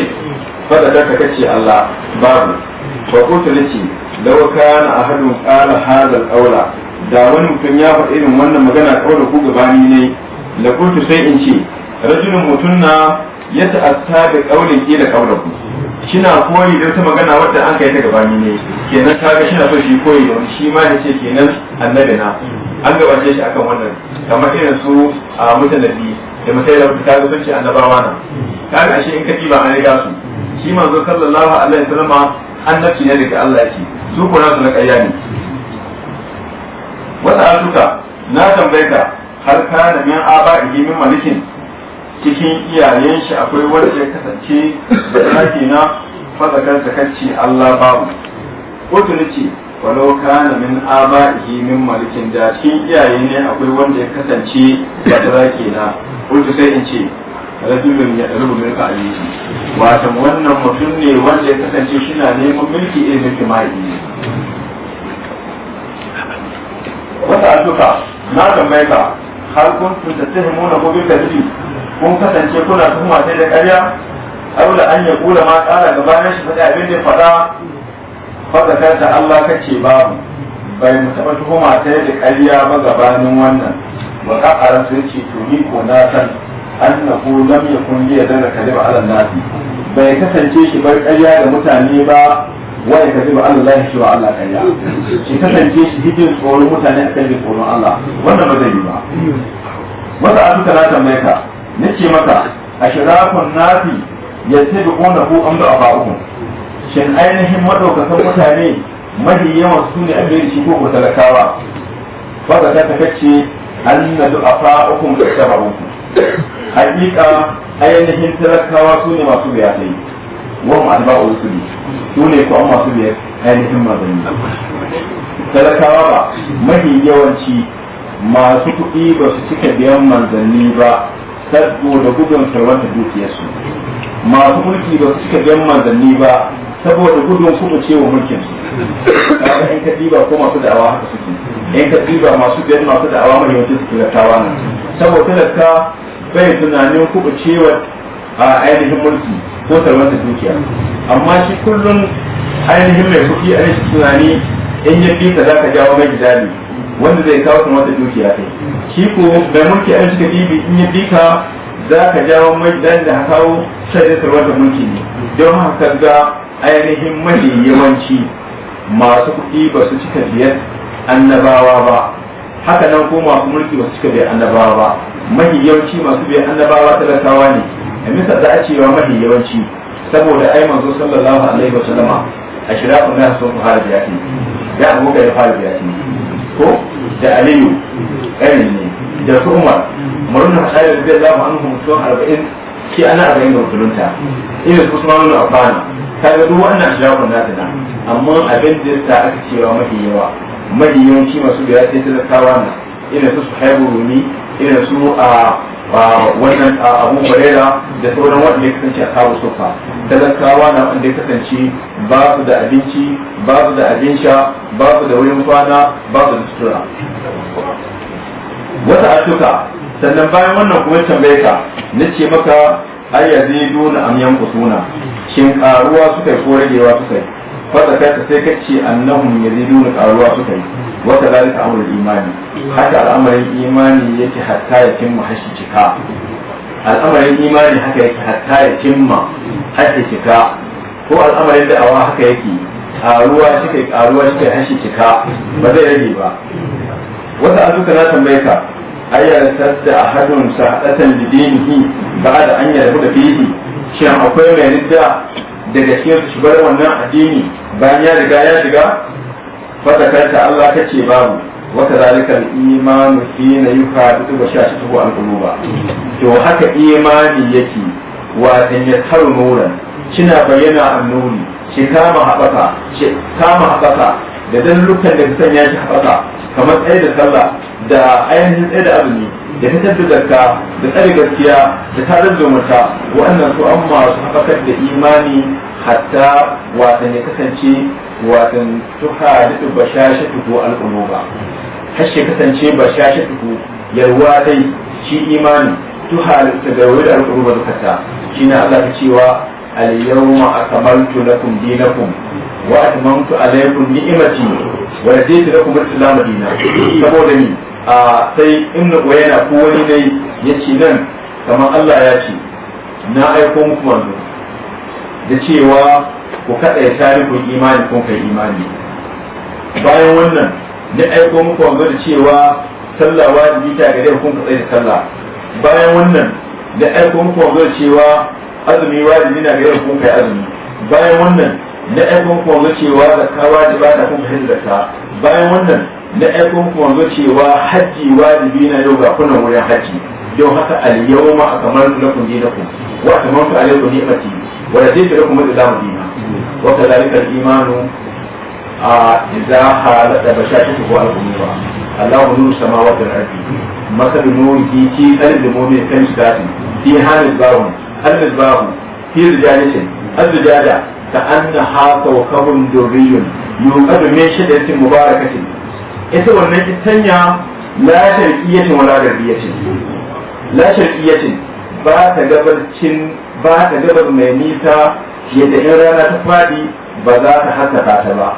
fada da ka kace Allah babu wa kuntu nace law kana ahadun qala hadal qawla da wani mutum ya faɗi irin wannan magana kawai ku gabani ne la kuntu sai in ce rajulun mutunna ya ta'atta da kaulin ke da shi na koyi da wata magana wadda an kai ta gabani ne kenan kaga na so shi koyi da shi ma ya ce kenan annabi na an gabace shi akan wannan kamar irin su a mutanabi da misali da kaga sun ce annabawa na kaga ashe in ka ba an riga su shi manzo sallallahu alaihi wasallama annabi ne daga Allah yake su kuna su na ƙarya ne wata aluka na tambaye ka har kana min aba min malikin cikin iyayen shi akwai wanda ya kasance da tsaki na fazakar zakacci Allah babu wato ce walau kana min aba'ihi min malikin da cikin iyaye ne akwai wanda ya kasance da tsaki na wato sai in ce rajulun ya rubu min ka'alihi wato wannan mutum ne wanda ya kasance shi na neman mulki irin mulki mahaifi wata azuka na tambaye ka har kun tuntattahimuna ko bin kadiri kun kasance kuna tuhuma sai da ƙarya aula an ya kula ma ƙara gabanin shi faɗi abin da faɗa faɗa kanta Allah kace babu bai mu taɓa tuhuma sai da ƙarya ba gabanin wannan wa ƙa'ara sun ce to ni ko na san an na annahu lam yakun li yadalla kalima ala nasi bai kasance shi bar ƙarya da mutane ba wai ka zuba Allah shi wa Allah ƙarya shi kasance shi hijin tsoron mutane kan tsoron Allah wannan ba zai yi ba wata abu na tambaye ka nace maka ashrafun nafi yattabi'una hu am ba'ahum shin ainihin madaukakan mutane mahi yawa su ne abin shi ko talakawa fada ta kace anna du'afa'ukum tataba'ukum hakika ainihin talakawa su ne masu biya sai wa ma ba usuli su ne ko masu biya ainihin mazani talakawa ba mahi yawanci masu kuɗi ba su cika biyan manzanni ba saboda gudun sarwanta dukiyarsu masu mulki ba su cika biyan manzanni ba saboda gudun kuma cewa mulkin su kaga in ka ba ko masu da'awa haka suke in ka ba masu biyan masu da'awa mai yawanci su talakawa nan saboda talaka bai tunanin kuma cewa a ainihin mulki ko sarwanta dukiya amma shi kullum ainihin mai kuɗi a tunani in yi fi ka za ka jawo mai gidali wanda zai kawo kuma wata dukiya kai shi ko bai mulki an shiga dibi in ya bika za ka jawo mai dan da kawo shaidar wata mulki ne don haka ga ainihin mahi yawanci masu kuɗi ba su cika biyar annabawa ba haka nan ko masu mulki ba su cika biyar annabawa ba mahi yawanci masu biyar annabawa talakawa ne a misal za a cewa mahi yawanci saboda ai manzo sallallahu alaihi wa sallama a shirafin nasu sun fara biyati ya abubuwa ya fara biyati ko da aliyu ƙarin ne da su umar umarun da hasari da zai zama an mutum arba'in shi ana arba'in da musulunta ina su kuma nuna afana ta ga duk wannan shafin nata na amma abin da ya sa aka cewa mafi yawa mafi yawanci masu da sai ta talakawa na ina su haibu rumi ina su a wannan abu barera da sauran wanda ya kasance a kawo sufa talakawa na wanda ya kasance ba su da abinci ba su da abin sha ba su da wurin kwana ba su da sutura wata atuka sannan bayan wannan kuma tambaye ka na ce maka ayyazi duna amyan kusuna shin karuwa suka yi ko ragewa suka yi fadakata sai kace annahum yaziduna qaruwa suka yi wa kadhalika amrul imani haka al'amarin imani yake hatta ya cimma hashi cika al'amarin imani haka yake hatta ya cimma hashi cika ko al'amarin da'awa haka yake karuwa shi karuwa shi hashi cika ba zai rage ba wata azuka na tambaye ka ayyar sadda ahadun sa'adatan lidinihi ba'da an yarbu da fihi shin akwai mai ridda daga cikin su shigar wannan addini bayan ya riga ya shiga fatakanta Allah ta ce babu wata zalikar imanu fi na yi haɗu ba sha shi to haka imani yake watan ya taru nuran kina bayyana annuri shi kama haɓaka shi kama habaka da lukan da sanya shi habaka kamar tsaye da sallah da ainihin tsaye da azumi da ta da zakka da tsare gaskiya da tarar zumunta wa'annan su an masu haɓakar da imani hatta watan ya kasance watan tuha da tuba shashe tuku al'uluba hashe kasance ba shi tuku yarwa dai shi imani tuha da garwaye da al'uluba dukata shi na Allah cewa al-yawma akmaltu lakum dinakum wa atmamtu alaykum ni'mati wa raditu lakum al-islam dinan saboda ni a sai inna yana ko wani dai ya ce nan kamar Allah ya ce na aiko muku manzo da cewa ku kada ya tare ku imani kun kai imani bayan wannan na aiko muku manzo da cewa sallah wajibi ta gare ku kun da sallah bayan wannan na aiko muku manzo da cewa azumi wajibi na gare ku kun kai azumi bayan wannan na aiko muku manzo cewa zakka wajiba ta kun kai zakka bayan wannan na aikon wanzu cewa hajji wajibi na yau ga kunan wurin hajji yau haka ma a kamar na kunje na kun wa kamar ku alaikum ni'mati wa raditu lakum al-islamu dina wa kadhalika al-imanu idza halata bashashatu wa al-umma Allahu nuru samawati wal-ardi masal nurihi fi qalbi mu'min kan shidati fi halil bawun al-babu fi rijalatin al-rijala ka annaha kawkabun durriyun yuqadu min shiddatin mubarakatin ita wannan kitanya la sharqiyatin wala garbiyatin la sharqiyatin ba ta gabarcin ba ta gabar mai nisa yadda in rana ta fadi ba za ta haskaka ta ba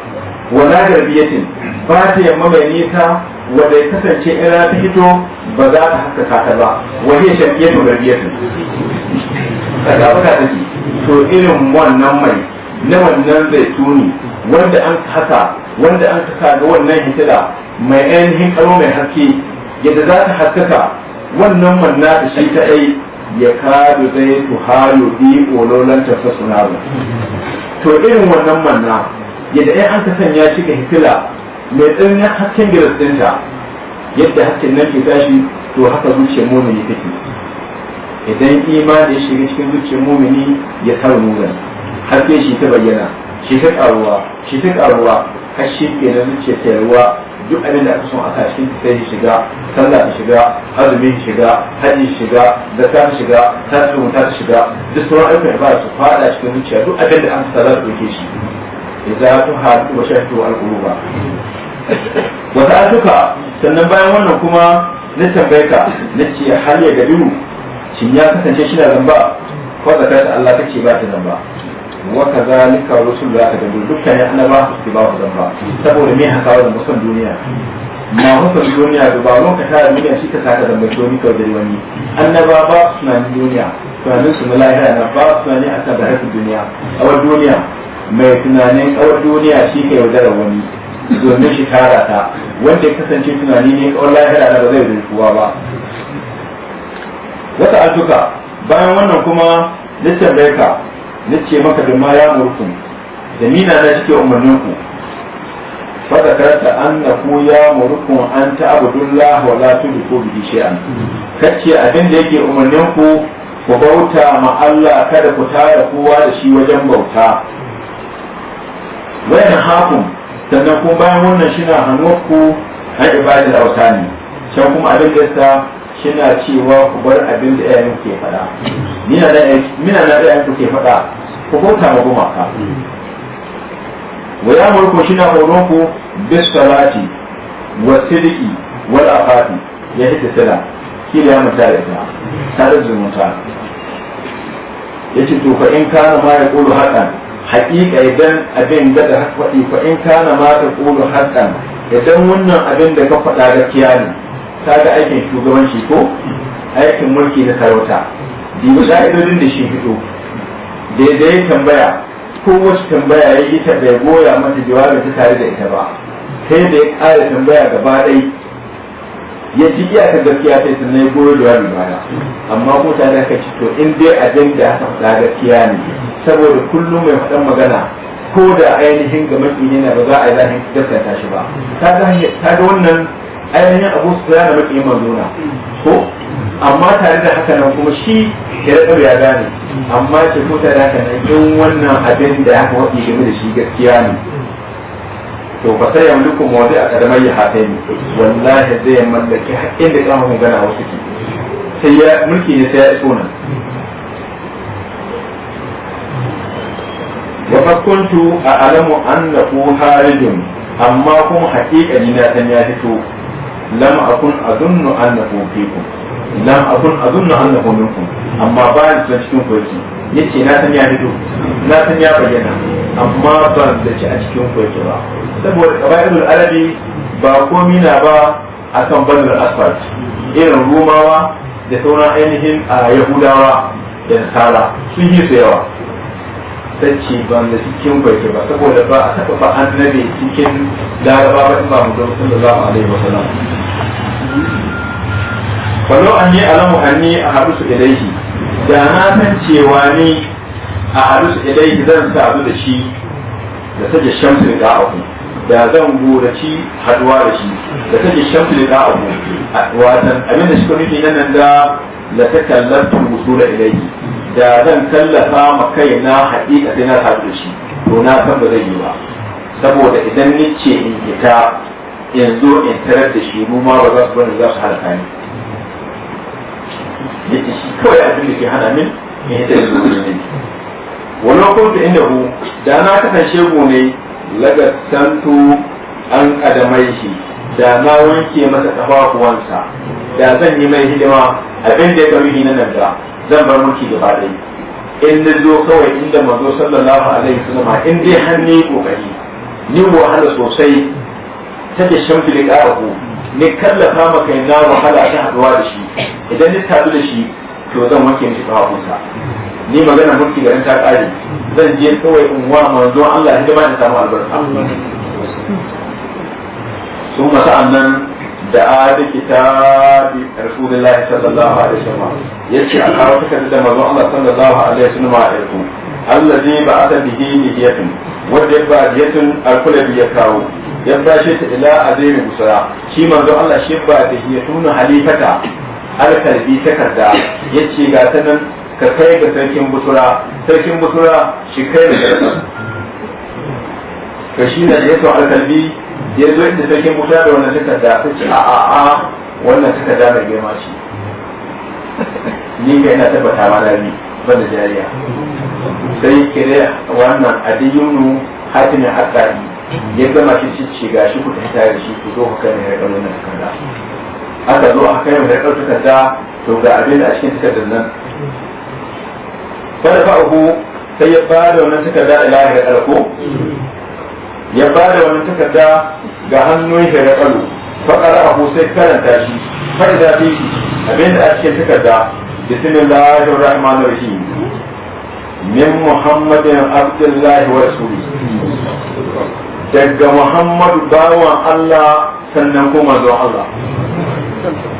wala garbiyatin ba ta yamma mai nisa wanda ya kasance in rana ta fito ba za ta haskaka ta ba wani sharqiyatun garbiyatin kaga ta ji to irin wannan mai na wannan zaituni wanda an haka wanda an kasa ga wannan hitila mai ainihin karo mai haske yadda za ta haskaka wannan manna da shi ta ai ya kado zai ku halu bi ololan ta suna to irin wannan manna yadda ai an ka sanya shi ga hitila mai tsananin hasken gilas yadda hasken nan ke tashi to haka zuciyar mumini take idan imani ya shiga cikin zuciyar mumini ya tara nuna haske shi ta bayyana shi ta karuwa shi ta karuwa har shi ke na zuciyar ta ruwa duk abin da aka so a sa cikin sai ya shiga sallah ta shiga azumi ta shiga haji shiga zakka ta shiga tasirin ta shiga duk sauran ayyukan ba su fada cikin zuciya duk abin da aka sallar za su shi idza tuha wa shahtu al-quluba wa ta'atuka sannan bayan wannan kuma na tambaye ka na ce har ya ga shin ya kasance shi na zamba ko tsakar Allah kace ba ta zamba waka zalika rusul da aka dabu dukkan ya annaba su ba su zamba saboda me haka wannan musan duniya ma musan duniya da ba mun ka tara duniya shi ka saka zamba to kawai da wani annaba ba su na duniya tunanin su lahira na ba su tunani a kan barakar duniya awar duniya mai tunanin awar duniya shi ka yaudara wani domin shi tara ta wanda ya kasance tunani ne kawai lahira na ba zai rinkuwa ba wata altuka bayan wannan kuma littan bai ka na ce maka da ma ya murkum da mina na cikin umarnin ku fada karanta an na ku ya murkum an ta abudullah wa bi tudriku bihi shay'an kace abin da yake umarnin ku ku bauta ma Allah kada ku tara kowa da shi wajen bauta wayan hakun sannan kuma bayan wannan shi na ku an ibadar autani can kuma abin da kina cewa ku bar abin da iyayen ke faɗa mina na mina na ku ke faɗa ku bauta ma gumaka wa ya shi na horon ku bis salati wa sidiki wal afati ya hita sala kila ya mutar da ita tare zumunta ce to fa in kana ma ya qulu haqqan haƙiƙa idan abin da da faɗi fa in kana ma ta qulu haqqan idan wannan abin da ka faɗa gaskiya ne ta ga aikin shugabanci ko aikin mulki na sarauta dibi sa'idodin da shi fito daidai tambaya ko wasu tambaya ya yi ta bai goya mata jawabin ta tare da ita ba sai da ya kare tambaya gaba ɗai ya ji ta gaskiya sai sannan ya goya jawabin bana amma ko ta da ka ci to in dai jan da aka fada gaskiya ne saboda kullum mai faɗan magana ko da ainihin ga mafi ne na ba za a yi zahin gaskata shi ba ta ga wannan ainihin abu su ya da maki manzona ko amma tare da haka nan kuma shi ya rabu ya gane amma ce ko tare da haka nan yin wannan abin da ya waɗi game da shi gaskiya ne to fa sai kuma mawadi a kadamai ya hatai ne wallahi zai mallaki haƙƙin da kama mun gana wasu ki sai ya mulki ne sai ya iso nan wa fa a alamu an annahu harijun amma kuma haƙiƙa ni na san ya fito lam akun adunnu annahu fikum lam akun adunnu annahu minkum amma bayan da cikin ku yake yace na san ya fito na san ya bayyana amma ban da ci a cikin ku yake ba saboda qabailul arabi ba komi na ba akan banar asfalt irin rumawa da sauran ainihin a yahudawa da sun yi su yawa tacce ban da cikin baita ba saboda ba a taɓa ba annabi cikin laraba ba in ba mu don a alaihi wasallam walau an yi alamu anni a harusu ilaihi da na san cewa ni a harusu ilaihi zan sadu da shi da sake shamsu da abu da zan goraci haduwa da shi da sake shamsu da abu watan abin da shi ko nufi nan da la takallantu wusula ilaihi da zan tallafa ma kai na haƙiƙa sai na sadu da shi to na san ba zai yi ba saboda idan ni ce in fita in zo in tarar da shi mu ma ba za su bani za su halaka ni ya ce shi kawai abin da ke hana min in hita da zuwa ne wani kuntu inda hu da na kasance ne lagasantu an kadamai shi da na wanke masa kafafuwansa da zan yi mai hidima abin da ya karuhi na nan da zan bar mulki gaba ɗaya in zo kawai inda mazo sallallahu alaihi wasallam in dai har ne kokari ni wahala sosai take shamfi da ƙara ne kallafa maka na wahala ta haɗuwa da shi idan ni tafi da shi to zan wanke mishi kafafunsa ni magana mulki ga ta ƙare zan je kawai in wa manzon Allah hidima da samu albarka sun masu annan da a da kitabi rasulullahi sallallahu alaihi wasallam yace a kawo takarda da manzon Allah sallallahu alaihi wasallam a yarku allazi ba'atha bihi niyatun wadda ba diyatun alkulabi ya kawo ya bashe ta ila azimi busra shi manzo Allah shi ba da hiyatunu halifata alkalbi takarda yace ga ta nan ka kai ga sarkin busra sarkin busra shi kai da ka shi ne yato alkalbi ya zo inda sarkin busra da wannan takarda ta ce a a a wannan takarda mai girma ce ni ga ina tabbata ma dani ban da jariya sai kire wannan adiyunu hatimin hakkani ya zama shi cice ga shi ku hita da shi ku zo ku kai mai rakalo na takarda aka zo aka kai mai rakalo takarda to ga abin da a cikin takardar nan wanda fa uku sai ya ba da wannan takarda ila ya rakalo ko ya ba da wannan takarda ga hannun shi rakalo fa qara'ahu sai karanta shi fa idza fi abin da a cikin takarda bismillahir rahmanir rahim min محمد abdullahi الله ورسوله daga muhammadu bawan Allah sannan kuma zuwa Allah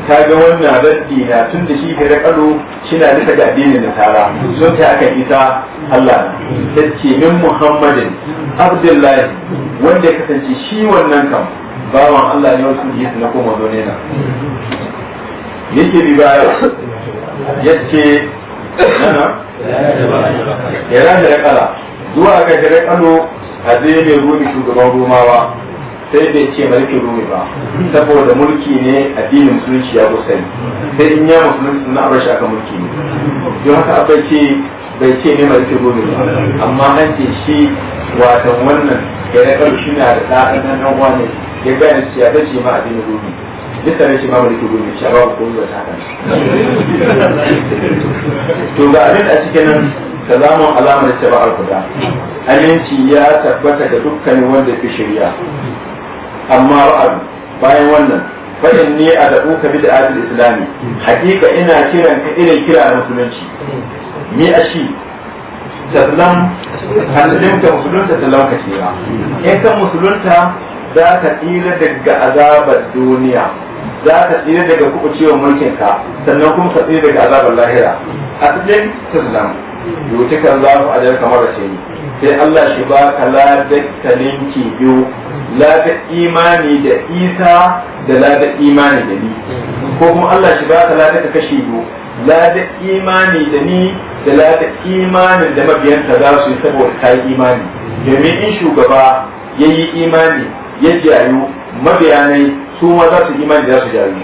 ta ga wannan raddi na tun da shi ga karo shina bisa ga addinin tara sun ta aka isa Allah ta ce min muhammadin abdullahi wanda ya kasance shi wannan kam bawan Allah ne wasu yi na kuma zo ne na yake bi baya yace yana ya rana da kala zuwa ga dare kano a zai mai rumi shugaban romawa sai bai ce mulkin rumi ba saboda mulki ne addinin musulunci ya kusa sai in ya musulunci na abar shaka aka mulki ne don haka abai ce bai ce ne mulkin rumi ba amma an ce shi wata wannan dare kano shi na da ɗan nan uwa ne ya bayan shi ya bace ma addinin rumi bisa ne shi ma mulkin rumi shi a ba ku ba ta haka to ga abin a cikin nan salamun alamar taba alhuda aminci ya tabbata da dukkanin wanda fi shirya amma ba'adu bayan wannan fa'in ne a da uka bi da adil islami hakika ina kiran ka irin kira na musulunci mi a shi sallam musulunta sallamka tsira in ka musulunta za ka tsira daga azabar duniya za ka tsira daga kuɓucewar ka. sannan kuma ka tsira daga azabar lahira a cikin sallam yuti kan za mu ajar kamar da ni sai Allah shi ba ka ladar talinki biyu ladar imani da isa da ladar imani da ni ko kuma Allah shi ba ka ladar kashi biyu ladar imani da ni da ladar imanin da mabiyanta za su yi saboda ta yi imani domin in shugaba ya yi imani ya jayu mabiyanai su ma za su yi imani za su jayu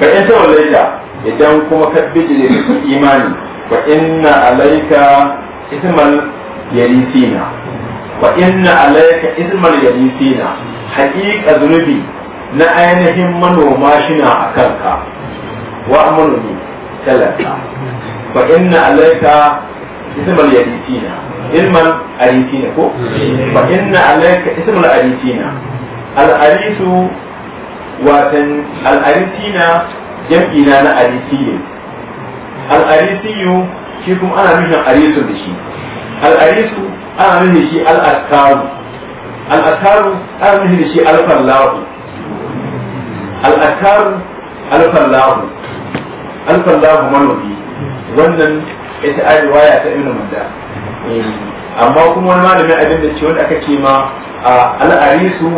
fa in tawallaita idan kuma ka bijire imani wa inna alaika ismal yarisina wa inna alaika ismal yarisina haƙiƙa zunubi na ainihin manoma shina a kanka wa manomi talaka fa inna alaika ismal yarisina ilman arisina ko fa inna ismal watan al-arisina jam'ina na arisi al'arisiyu shi kuma ana nufin arisu da shi al'arisu ana nufin shi al'askaru al'askaru ana nufin shi alfallahu al'askaru alfallahu alfallahu manobi wannan ita a riwaya ta ibnu manda amma kuma wani malamin abin da ce wanda aka ce ma al'arisu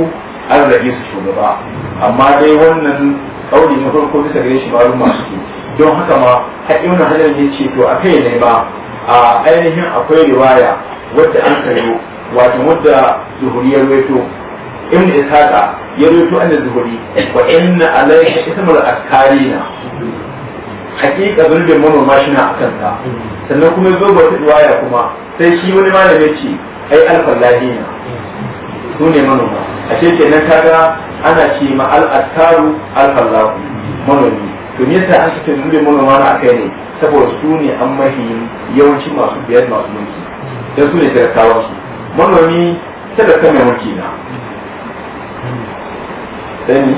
an rage su shugaba amma dai wannan kauli na farko bisa gare shi malum masu ke don haka ma har wani hajar ya ce to a kai ne ba a ainihin akwai riwaya wadda an kayo wato wadda zuhuri ya rawaito in ishaqa ya rawaito an zuhuri wa inna alayka ismul na hakika zurbin manoma shi na a kanta. sannan kuma zo ba ta riwaya kuma sai shi wani ya ce ai alfallahi na su ne manoma ashe kenan kaga ana ce ma al-askaru alfallahu manomi to ne yasa an suke zure manoma na akai ne saboda su ne an mafi yawanci masu biyar masu mulki dan su ne talakawan su manomi talaka mai mulki na dani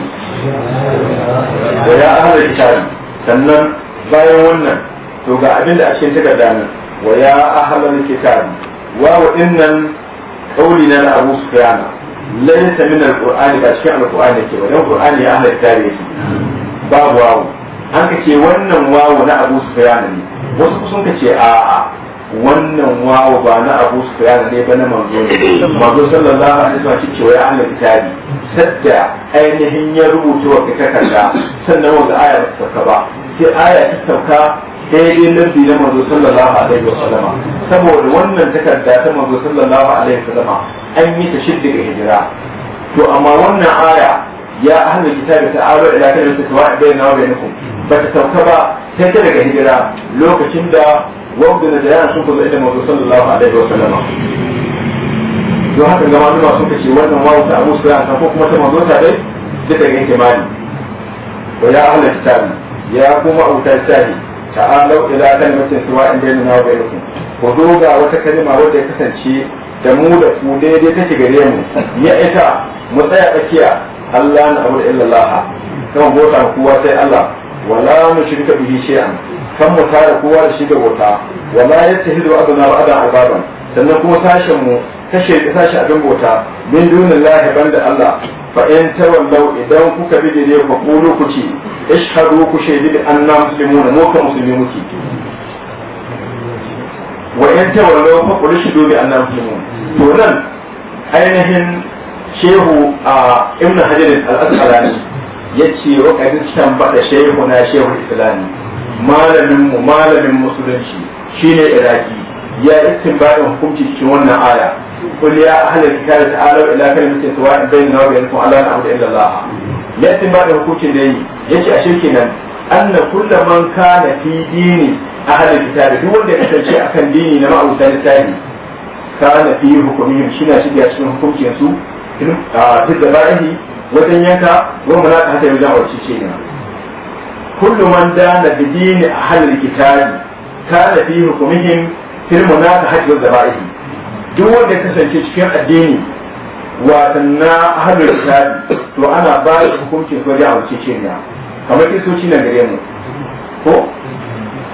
da ya ahla kitabi sannan bayan wannan to ga abin da a cikin takarda nan wa ya ahla kitabi wa wa innan qawli na Abu Sufyan laysa min al-Qur'ani ba cikin al-Qur'ani ke ba dan Qur'ani ya ahla kitabi babu wawo. an ka ce wannan wawo na abu sufyan ne wasu sun ka ce a'a wannan wawo ba na abu sufyan ne ba na manzo ne manzo sallallahu alaihi wasallam shi cewa ya Allah kitabi sadda ainihin ya rubuta wa takarda sannan wanda aya ba ta ba sai aya ta sauka daidai lafi na manzo sallallahu alaihi wasallama saboda wannan takarda ta manzo sallallahu alaihi wasallama an yi ta shidda ga hijira to amma wannan aya ya ahlul kitabi ta'alu ila kalimati tawa bainana wa bainakum bata sauka ba sai ta daga hijira lokacin da wanda da yana sun kuzo inda mazu sallallahu alaihi wa sallam don haka ga maluma sun kace wannan wawu ta Abu Sufyan ta ko kuma ta mazo ta dai duk daga yake mali wa ya ahlul kitabi ya kuma autar ta ta'alu ila kalimatin sawa'in bainana wa bainakum ko doga wata kalima wadda ya kasance da mu da su daidai take gare mu ya ita mu tsaya tsakiya Allah na aure illallah kan bota kuwa sai Allah wala mu shirka bihi shay'an kan mu tare kowa da shi da bota wala yattahidu adna wa adan ababan sannan kuma sashen mu kashe sashi abin bota min dunillahi banda Allah fa in tawallaw idan kuka bi dai ku kulu ku ci ishhadu ku shaidu bi anna muslimuna mu ka musulmi muke wa in tawallaw fa qulu shaidu bi anna muslimun to nan ainihin shehu a ibn hajar al-asqalani yace wa kadin san bada shehu na shehu islami malamin mu malamin musulunci shine iraki ya istinbaru hukunci cikin wannan aya kulli ya ahli kitab ta'ala wa ila kalimat tawad bainana wa bainakum ala an a'budu illa allah ya istinbaru hukunci dai yace a shirki nan anna kullu man kana fi dini ahli kitab duk wanda ya kace akan dini na ma'aikatan tsari kana fi hukumin shi na shiga cikin hukuncin su a duk da ba'ihi wajen yanka wa mana ta hata wajen wacce ce ne kullu man dana bidini a halin kitabi kana fi hukumihim fil munaka hati wa zaba'ihi duk wanda ya kasance cikin addini watan na ahlul kitabi to ana ba da hukuncin ko ya wuce ce ne kamar kisoci na gare mu ko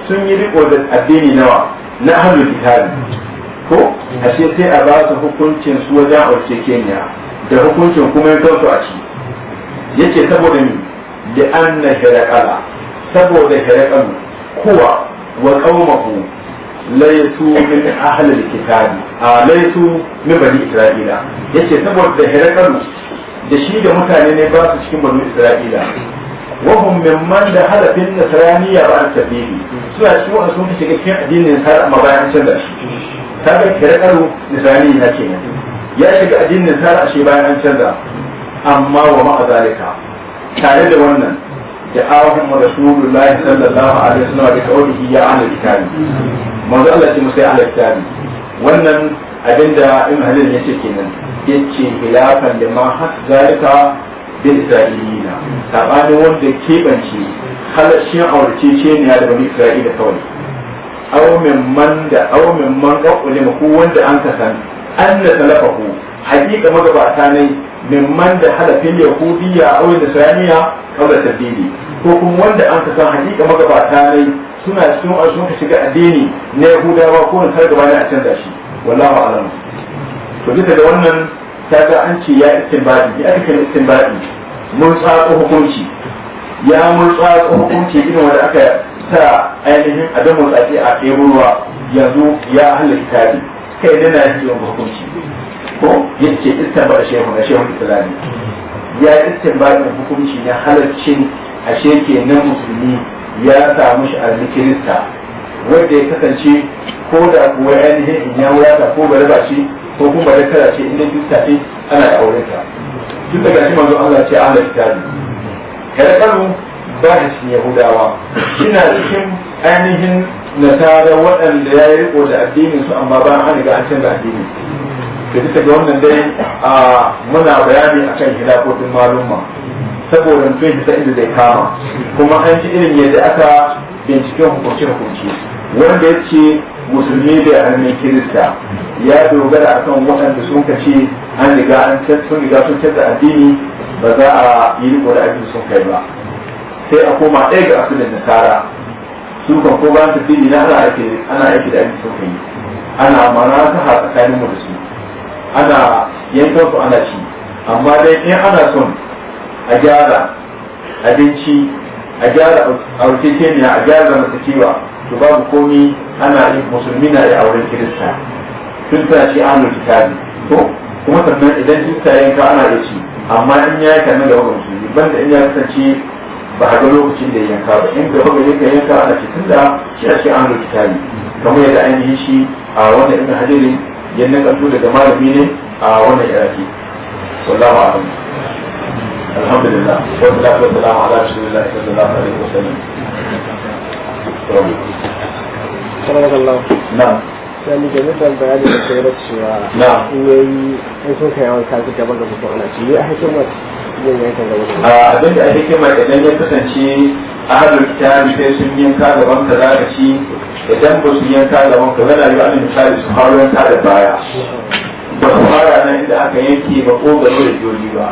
sun yi riko da addini nawa na ahlul kitabi ko ashe sai a ba su hukuncin su wajen wuce ce da hukuncin kuma ya kansu a ciki yace saboda ni da na hirakala saboda hirakalu kuwa wa qaumahu laysu min ahli alkitabi a laysu min bani isra'ila yace saboda hirakalu da shi da mutane ne ba su cikin bani isra'ila wahum man da halafin nasraniya ba an tabbihi suna cikin wanda sun shiga cikin addinin har amma bayan canza shi kaga hirakalu nasraniya kenan ya shiga addinin a ashe bayan an canza amma wa ma'a zalika tare da wannan da'awahum rasulullahi sallallahu alaihi wasallam da kawai ya ana kitabi manzo Allah ya ce musai ala kitabi wannan abinda ibn halil ya ce kenan yace khilafan da ma has zalika bil isra'ilina sabanin wanda kebance halashin aurace ce ne da bani isra'ila kawai aw min man da aw min man ko wanda an kasance anna salafahu haƙiƙa magabata ne mimman da halafin yahudiya a da sayaniya da tabdili ko kuma wanda an san haƙiƙa magabata ne suna cikin a sun shiga addini na yahudawa ko na targaba ne a canza shi wallahu alam to duka wannan ta ga an ce ya istinbadi ya aka kan istinbadi mun tsatsa hukunci ya mun tsatsa hukunci irin wanda aka sa ainihin adamu tsaki a ɗebo ruwa yanzu ya halaka kitabi kai ne na ciwon hukunci ko yace istanbul shehu da shehu islami ya istanbul hukunci na halaccin sheke na musulmi ya samu shi a kirista wanda ya kasance ko da kuwa ainihin in ya wuyata ko bari ba shi ko kuma da kara ce inda kirista ce ana da auren ta da daga shi manzo Allah ce Allah kitabi kada kanu ba shi yahudawa na cikin ainihin nasara waɗanda ya yi riko da addinin su amma ba an riga an canza addinin da bisa ga wannan dai a muna bayani akan hilafotin malumma saboda mutum bisa inda zai kama kuma an ji irin yadda aka binciken hukunci-hukunci wanda ya ce musulmi da armin kirista ya dogara akan waɗanda sun ce an riga an canza addini ba za a yi riko da addini sun kai ba sai a koma ɗaya ga da nasara suka ko ba su dini na ana aiki ana aiki da ake sauka yi ana mara ta ha tsakanin mu da su ana yankan su ana ci amma dai in ana son a gyara abinci a gyara ne a gyara zamantakewa to babu komi ana yin musulmi na da auren kirista tun ta ce an kitabi to kuma sannan idan kirista yanka ana da ci amma in ya yi kanin da wani musulmi banda in ya kasance ba a ga lokacin da yanka ba in gaba gare ka yanka ana cikin da shi a cikin amurka tari kamar yadda an yi shi a wannan ibn hajjari ka nakalto daga malami ne a wannan iraki wallahu a'lam alhamdulillah wa salatu wa salam ala rasulillah sallallahu alaihi wa sallam Na'am. sani da nufin bayani da sai cewa in yayi in sun kai wanka su gaba ga mutum ana ciye a hikimar yin yankan gaba da mutum. abinda a hikimar idan ya kasance a halar ta sai sun yi yanka gaban ka za ka ci idan ba su yanka gaban ka yana yi wani misali su fara yanka da baya ba su fara nan inda aka yanke ba ko gaba da joli ba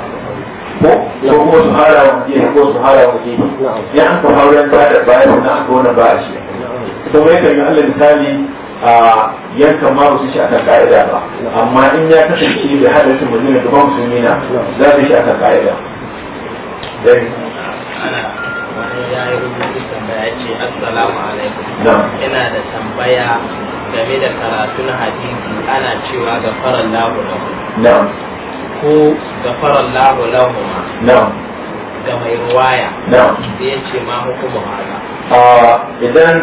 ko ko kuma su fara wa waje ko su fara wa waje ya an ka fara yanka da baya sannan an ga wani ba a shi. kuma yakan yi allah misali a yankan ma su shi a kan ka'ida ba amma in ya kasance da hadasin mutum da kuma musulmi na za su shi a kan ka'ida ya yi rubutu tambaya ina da tambaya game da karatun hadisi ana cewa ga gafarar lahu lahu ko gafarar lahu lahu ma ga mai ruwaya sai ya ce ma hukumu haka idan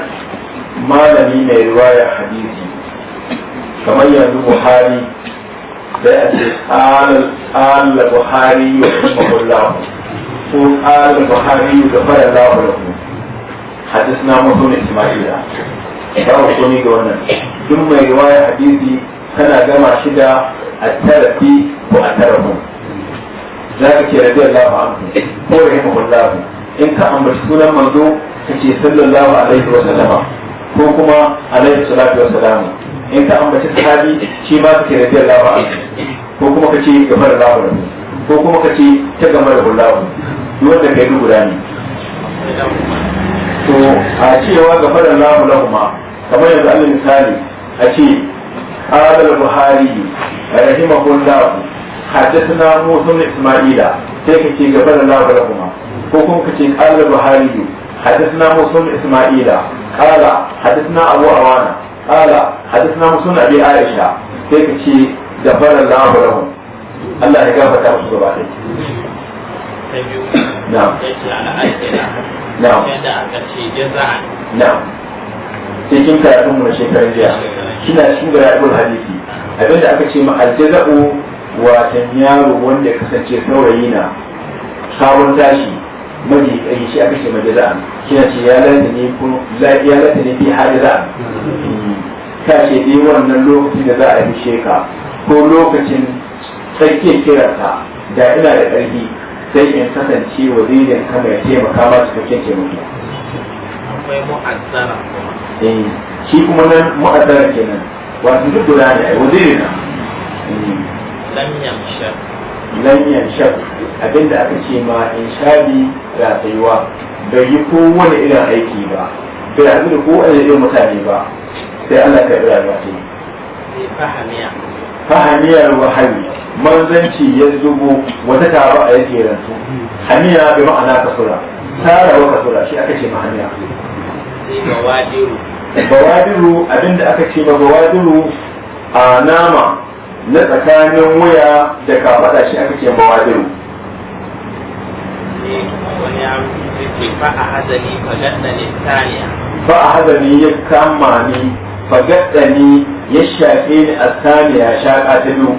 malami mai riwaya hadisi kamar yanzu buhari sai a ce ala buhari yi ya kuma kullahu ko ala buhari yi ya gafara lahu lahu hadis na mutum ismaila babu komi ga wannan duk mai riwaya hadisi tana gama shi da attarafi ko attarafu za ka ce radiyallahu anhu ko rahimahullahu in ka ambaci sunan manzo ka ce sallallahu alaihi wa sallama ko kuma alaihi salatu wassalam in ka ambaci sahabi shi ba ma kake radiyallahu anhu ko kuma ka ce kace gafar lahu ko kuma ka ce ta gama da gamar lahu wanda kai guda ne to a cewa gafar lahu kuma kamar yanzu alal misali a ce قال البخاري رحمه الله حدثنا موسى بن اسماعيل sai ka ce gaba da labarin kuma ko kuma ka ce ƙalar buhari حدثنا موسى إسماعيل قال حدثنا أبو أوانا قال حدثنا موسى أبي عائشة تكشي غفر الله لهم الله يغفر لهم سبحانه نعم نعم نعم cikin karatun mu na shekarun jiya kina shi ga yaɗuwar hadisi abinda aka ce ma aljaza'u watan yaro wanda kasance saurayi na sabon tashi maji tsayi shi aka ce maji za'a kina ce ya lalata ne ko ya lalata ne fi hali za'a ka ce dai wannan lokacin da za a yi sheka ko lokacin tsakiyar kiranta da ina da ƙarfi sai in kasance wazirin ka mai taimaka ma cikakken taimaka. akwai mu'azzara kuma eh, shi kuma nan mu'azzara kenan wato duk guda ne wazirin na lam yamshar lan yanshar abinda aka ce ma in inshabi ratsayuwa bai yi ko wani irin aiki ba bai haɗu da wani irin mutane ba sai Allah ka ɗora ba ta fahamiyar wahami manzanci ya zubo wata taro a yake rantu hamiya bai ma'ana kasura tara wa kasura shi aka ce ma hamiya bawadiru abinda aka ce ma bawadiru a nama na tsakanin wuya da kafada shi aka eh, ce mawadiru fa a hazani ya kama ni fagaddani ya shafe ni a saniya shaƙa ta biyu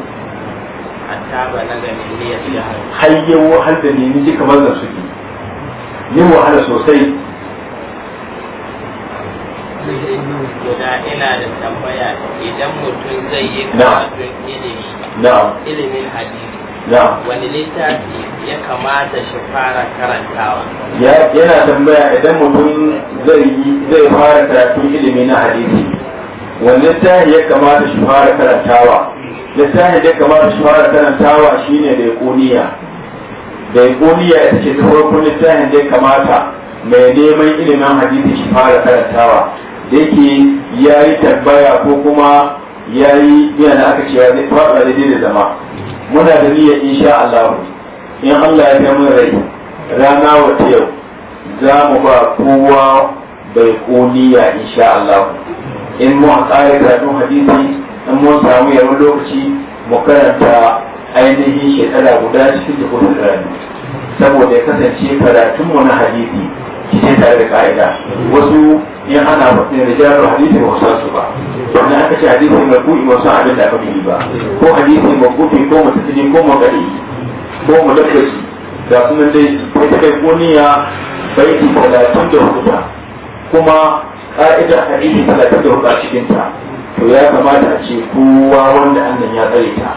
har yi wahal da ni ji kamar da suke ni wahala sosai guda ina da tambaya idan mutum zai yi karatun ilimi ilimin hadisi wani littafi ya kamata shi fara karantawa yana tambaya idan mutum zai zai fara karatun ilimi na hadisi wani littafi ya kamata shi fara karantawa littafi da ya kamata shi fara karantawa shine da kuniya da kuniya ita ce ta farkon littafin da ya kamata mai neman ilimin hadisi shi fara karantawa da yake ya yi tambaya ko kuma ya yi biya na aka cewa zai faɗa da da zama muna da niyyar insha Allah in Allah ya kai mun rai rana wata yau za mu ba kowa bai koniya insha Allah in mu ƙara karatun hadisi in mun samu yawan lokaci mu karanta ainihin shekara guda cikin da kuma saboda ya kasance karatunmu na hadisi shi tare da ka'ida wasu yan ana mutum da jarar hadisi ba san su ba wani aka ce hadisi mai kuɗi ba san abin da aka fi ba ko hadisi mai kuɗi ko mutum ko magani ko mulakaci da suna dai ko ta kai koniya baiti talatin da hukuta kuma ka'ida hadisi talatin da hukuta a cikin to ya kamata a ce kowa wanda annan ya tsare ta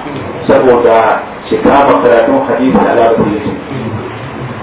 saboda shekara kama karatun hadisi ala basirati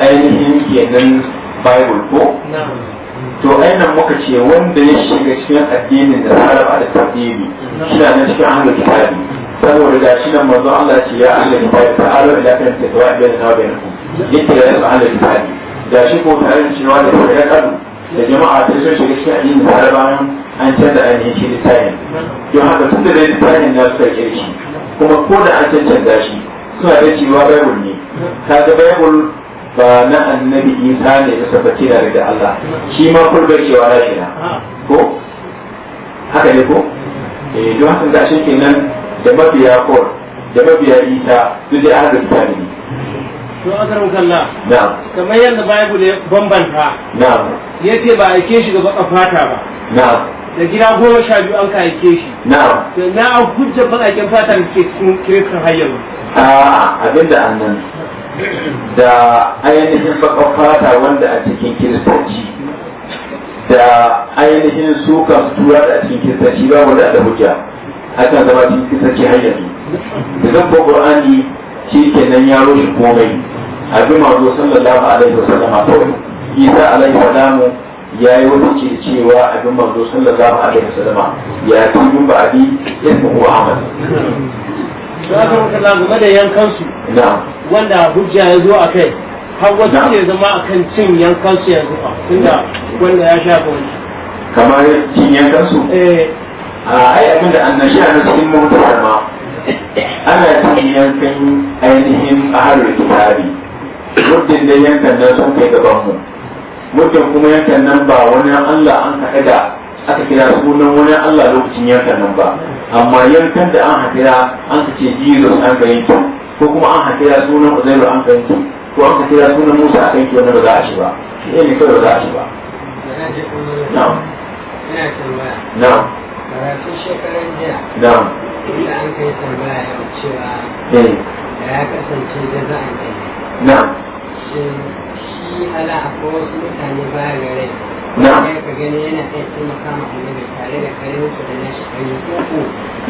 ainihin kenan bible ko to ainihin muka ce wanda ya shiga cikin addinin da sarrafa da tafsiri shi na cikin ahlul kitabi saboda ga shi nan manzo Allah ce ya ahlul kitabi ta'alu ila kan tawa bayan na bayan yake ya yi ahlul kitabi ga shi ko tare da cewa da ya kadu da jama'a ta so shiga cikin addinin da sarrafa an canza ainihin shi littafin don haka tun da littafin na suka kirki kuma ko da an canza shi suna da cewa bible ne kaga bible ba na annabi isa ne ya tabbace da daga Allah shi ma kurbar cewa na shi na ko haka ne ko eh don haka da shi kenan da mabiya ko da mabiya isa duk da ahlul kitabi ne to akaram Kalla. na'am kamar yanda bible ya bambanta na'am yace ba aike shi ga baka fata ba na'am da gida goma sha biyu an ka aike shi na'am to na hujja bakakin fata da ke cikin kiristan har ba. a'a abinda annabi da ainihin bakon fata wanda a cikin kiristanci da ainihin suka tura da a cikin kiristanci ba wanda da hujja akan zama cikin kiristanci har yanzu da zan ba qur'ani shi kenan ya roshi komai abin mazo sallallahu alaihi wasallam kawai isa alaihi salamu ya yi wata ce cewa abin mazo sallallahu alaihi wasallam ya fi mun ba abi ismu Muhammad za game da yankansu wanda hujja ya zo a kai har wasu ne zama a kan cin yankansu yanzu fa tunda wanda ya sha wani kamar cin yankansu eh. a ai abin da annashi a cikin mutar ma ana cin yankan ainihin a harin kitabi muddin da yankan nan sun kai gaban mu muddin kuma yankan nan ba wani Allah an kaɗa da aka kira sunan wani Allah lokacin yankan nan ba amma yankan da an hatira an ka ce jesus an ka yanki ko kuma an hatira sunan uzairu an ka yanki ko an hatira sunan musa an yanki wanda ba za a shi ba shi ne kawai ba za a shi ba na'am na'am karatun shekaran jiya na'am inda an kai tambaya cewa eh. ya kasance da za a kai na'am shi ala akwai wasu mutane baya gare na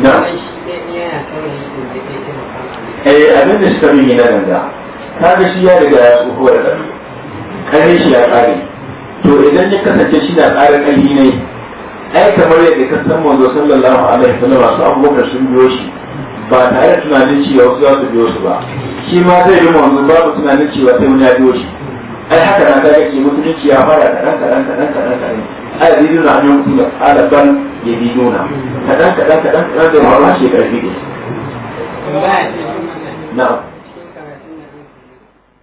na eh abin da suka yi na ganga kaga shi ya riga ya tsohuwar ƙarfi ƙarfi shi ya ƙare to idan ya kasance shi na ƙarin ƙarfi ai kamar yadda ka san manzo sallallahu alaihi wasallam su abubakar sun biyo shi ba tare da tunanin wasu za su biyo su ba shi ma zai yi manzo babu tunanin cewa sai wani ya shi ai haka nan ga yake mutunci ya fara kadan kadan kadan kadan kadan ai bidiyo na a kuma alaban ya bidiyo na kadan kadan kadan kadan da wannan shekaru ne na.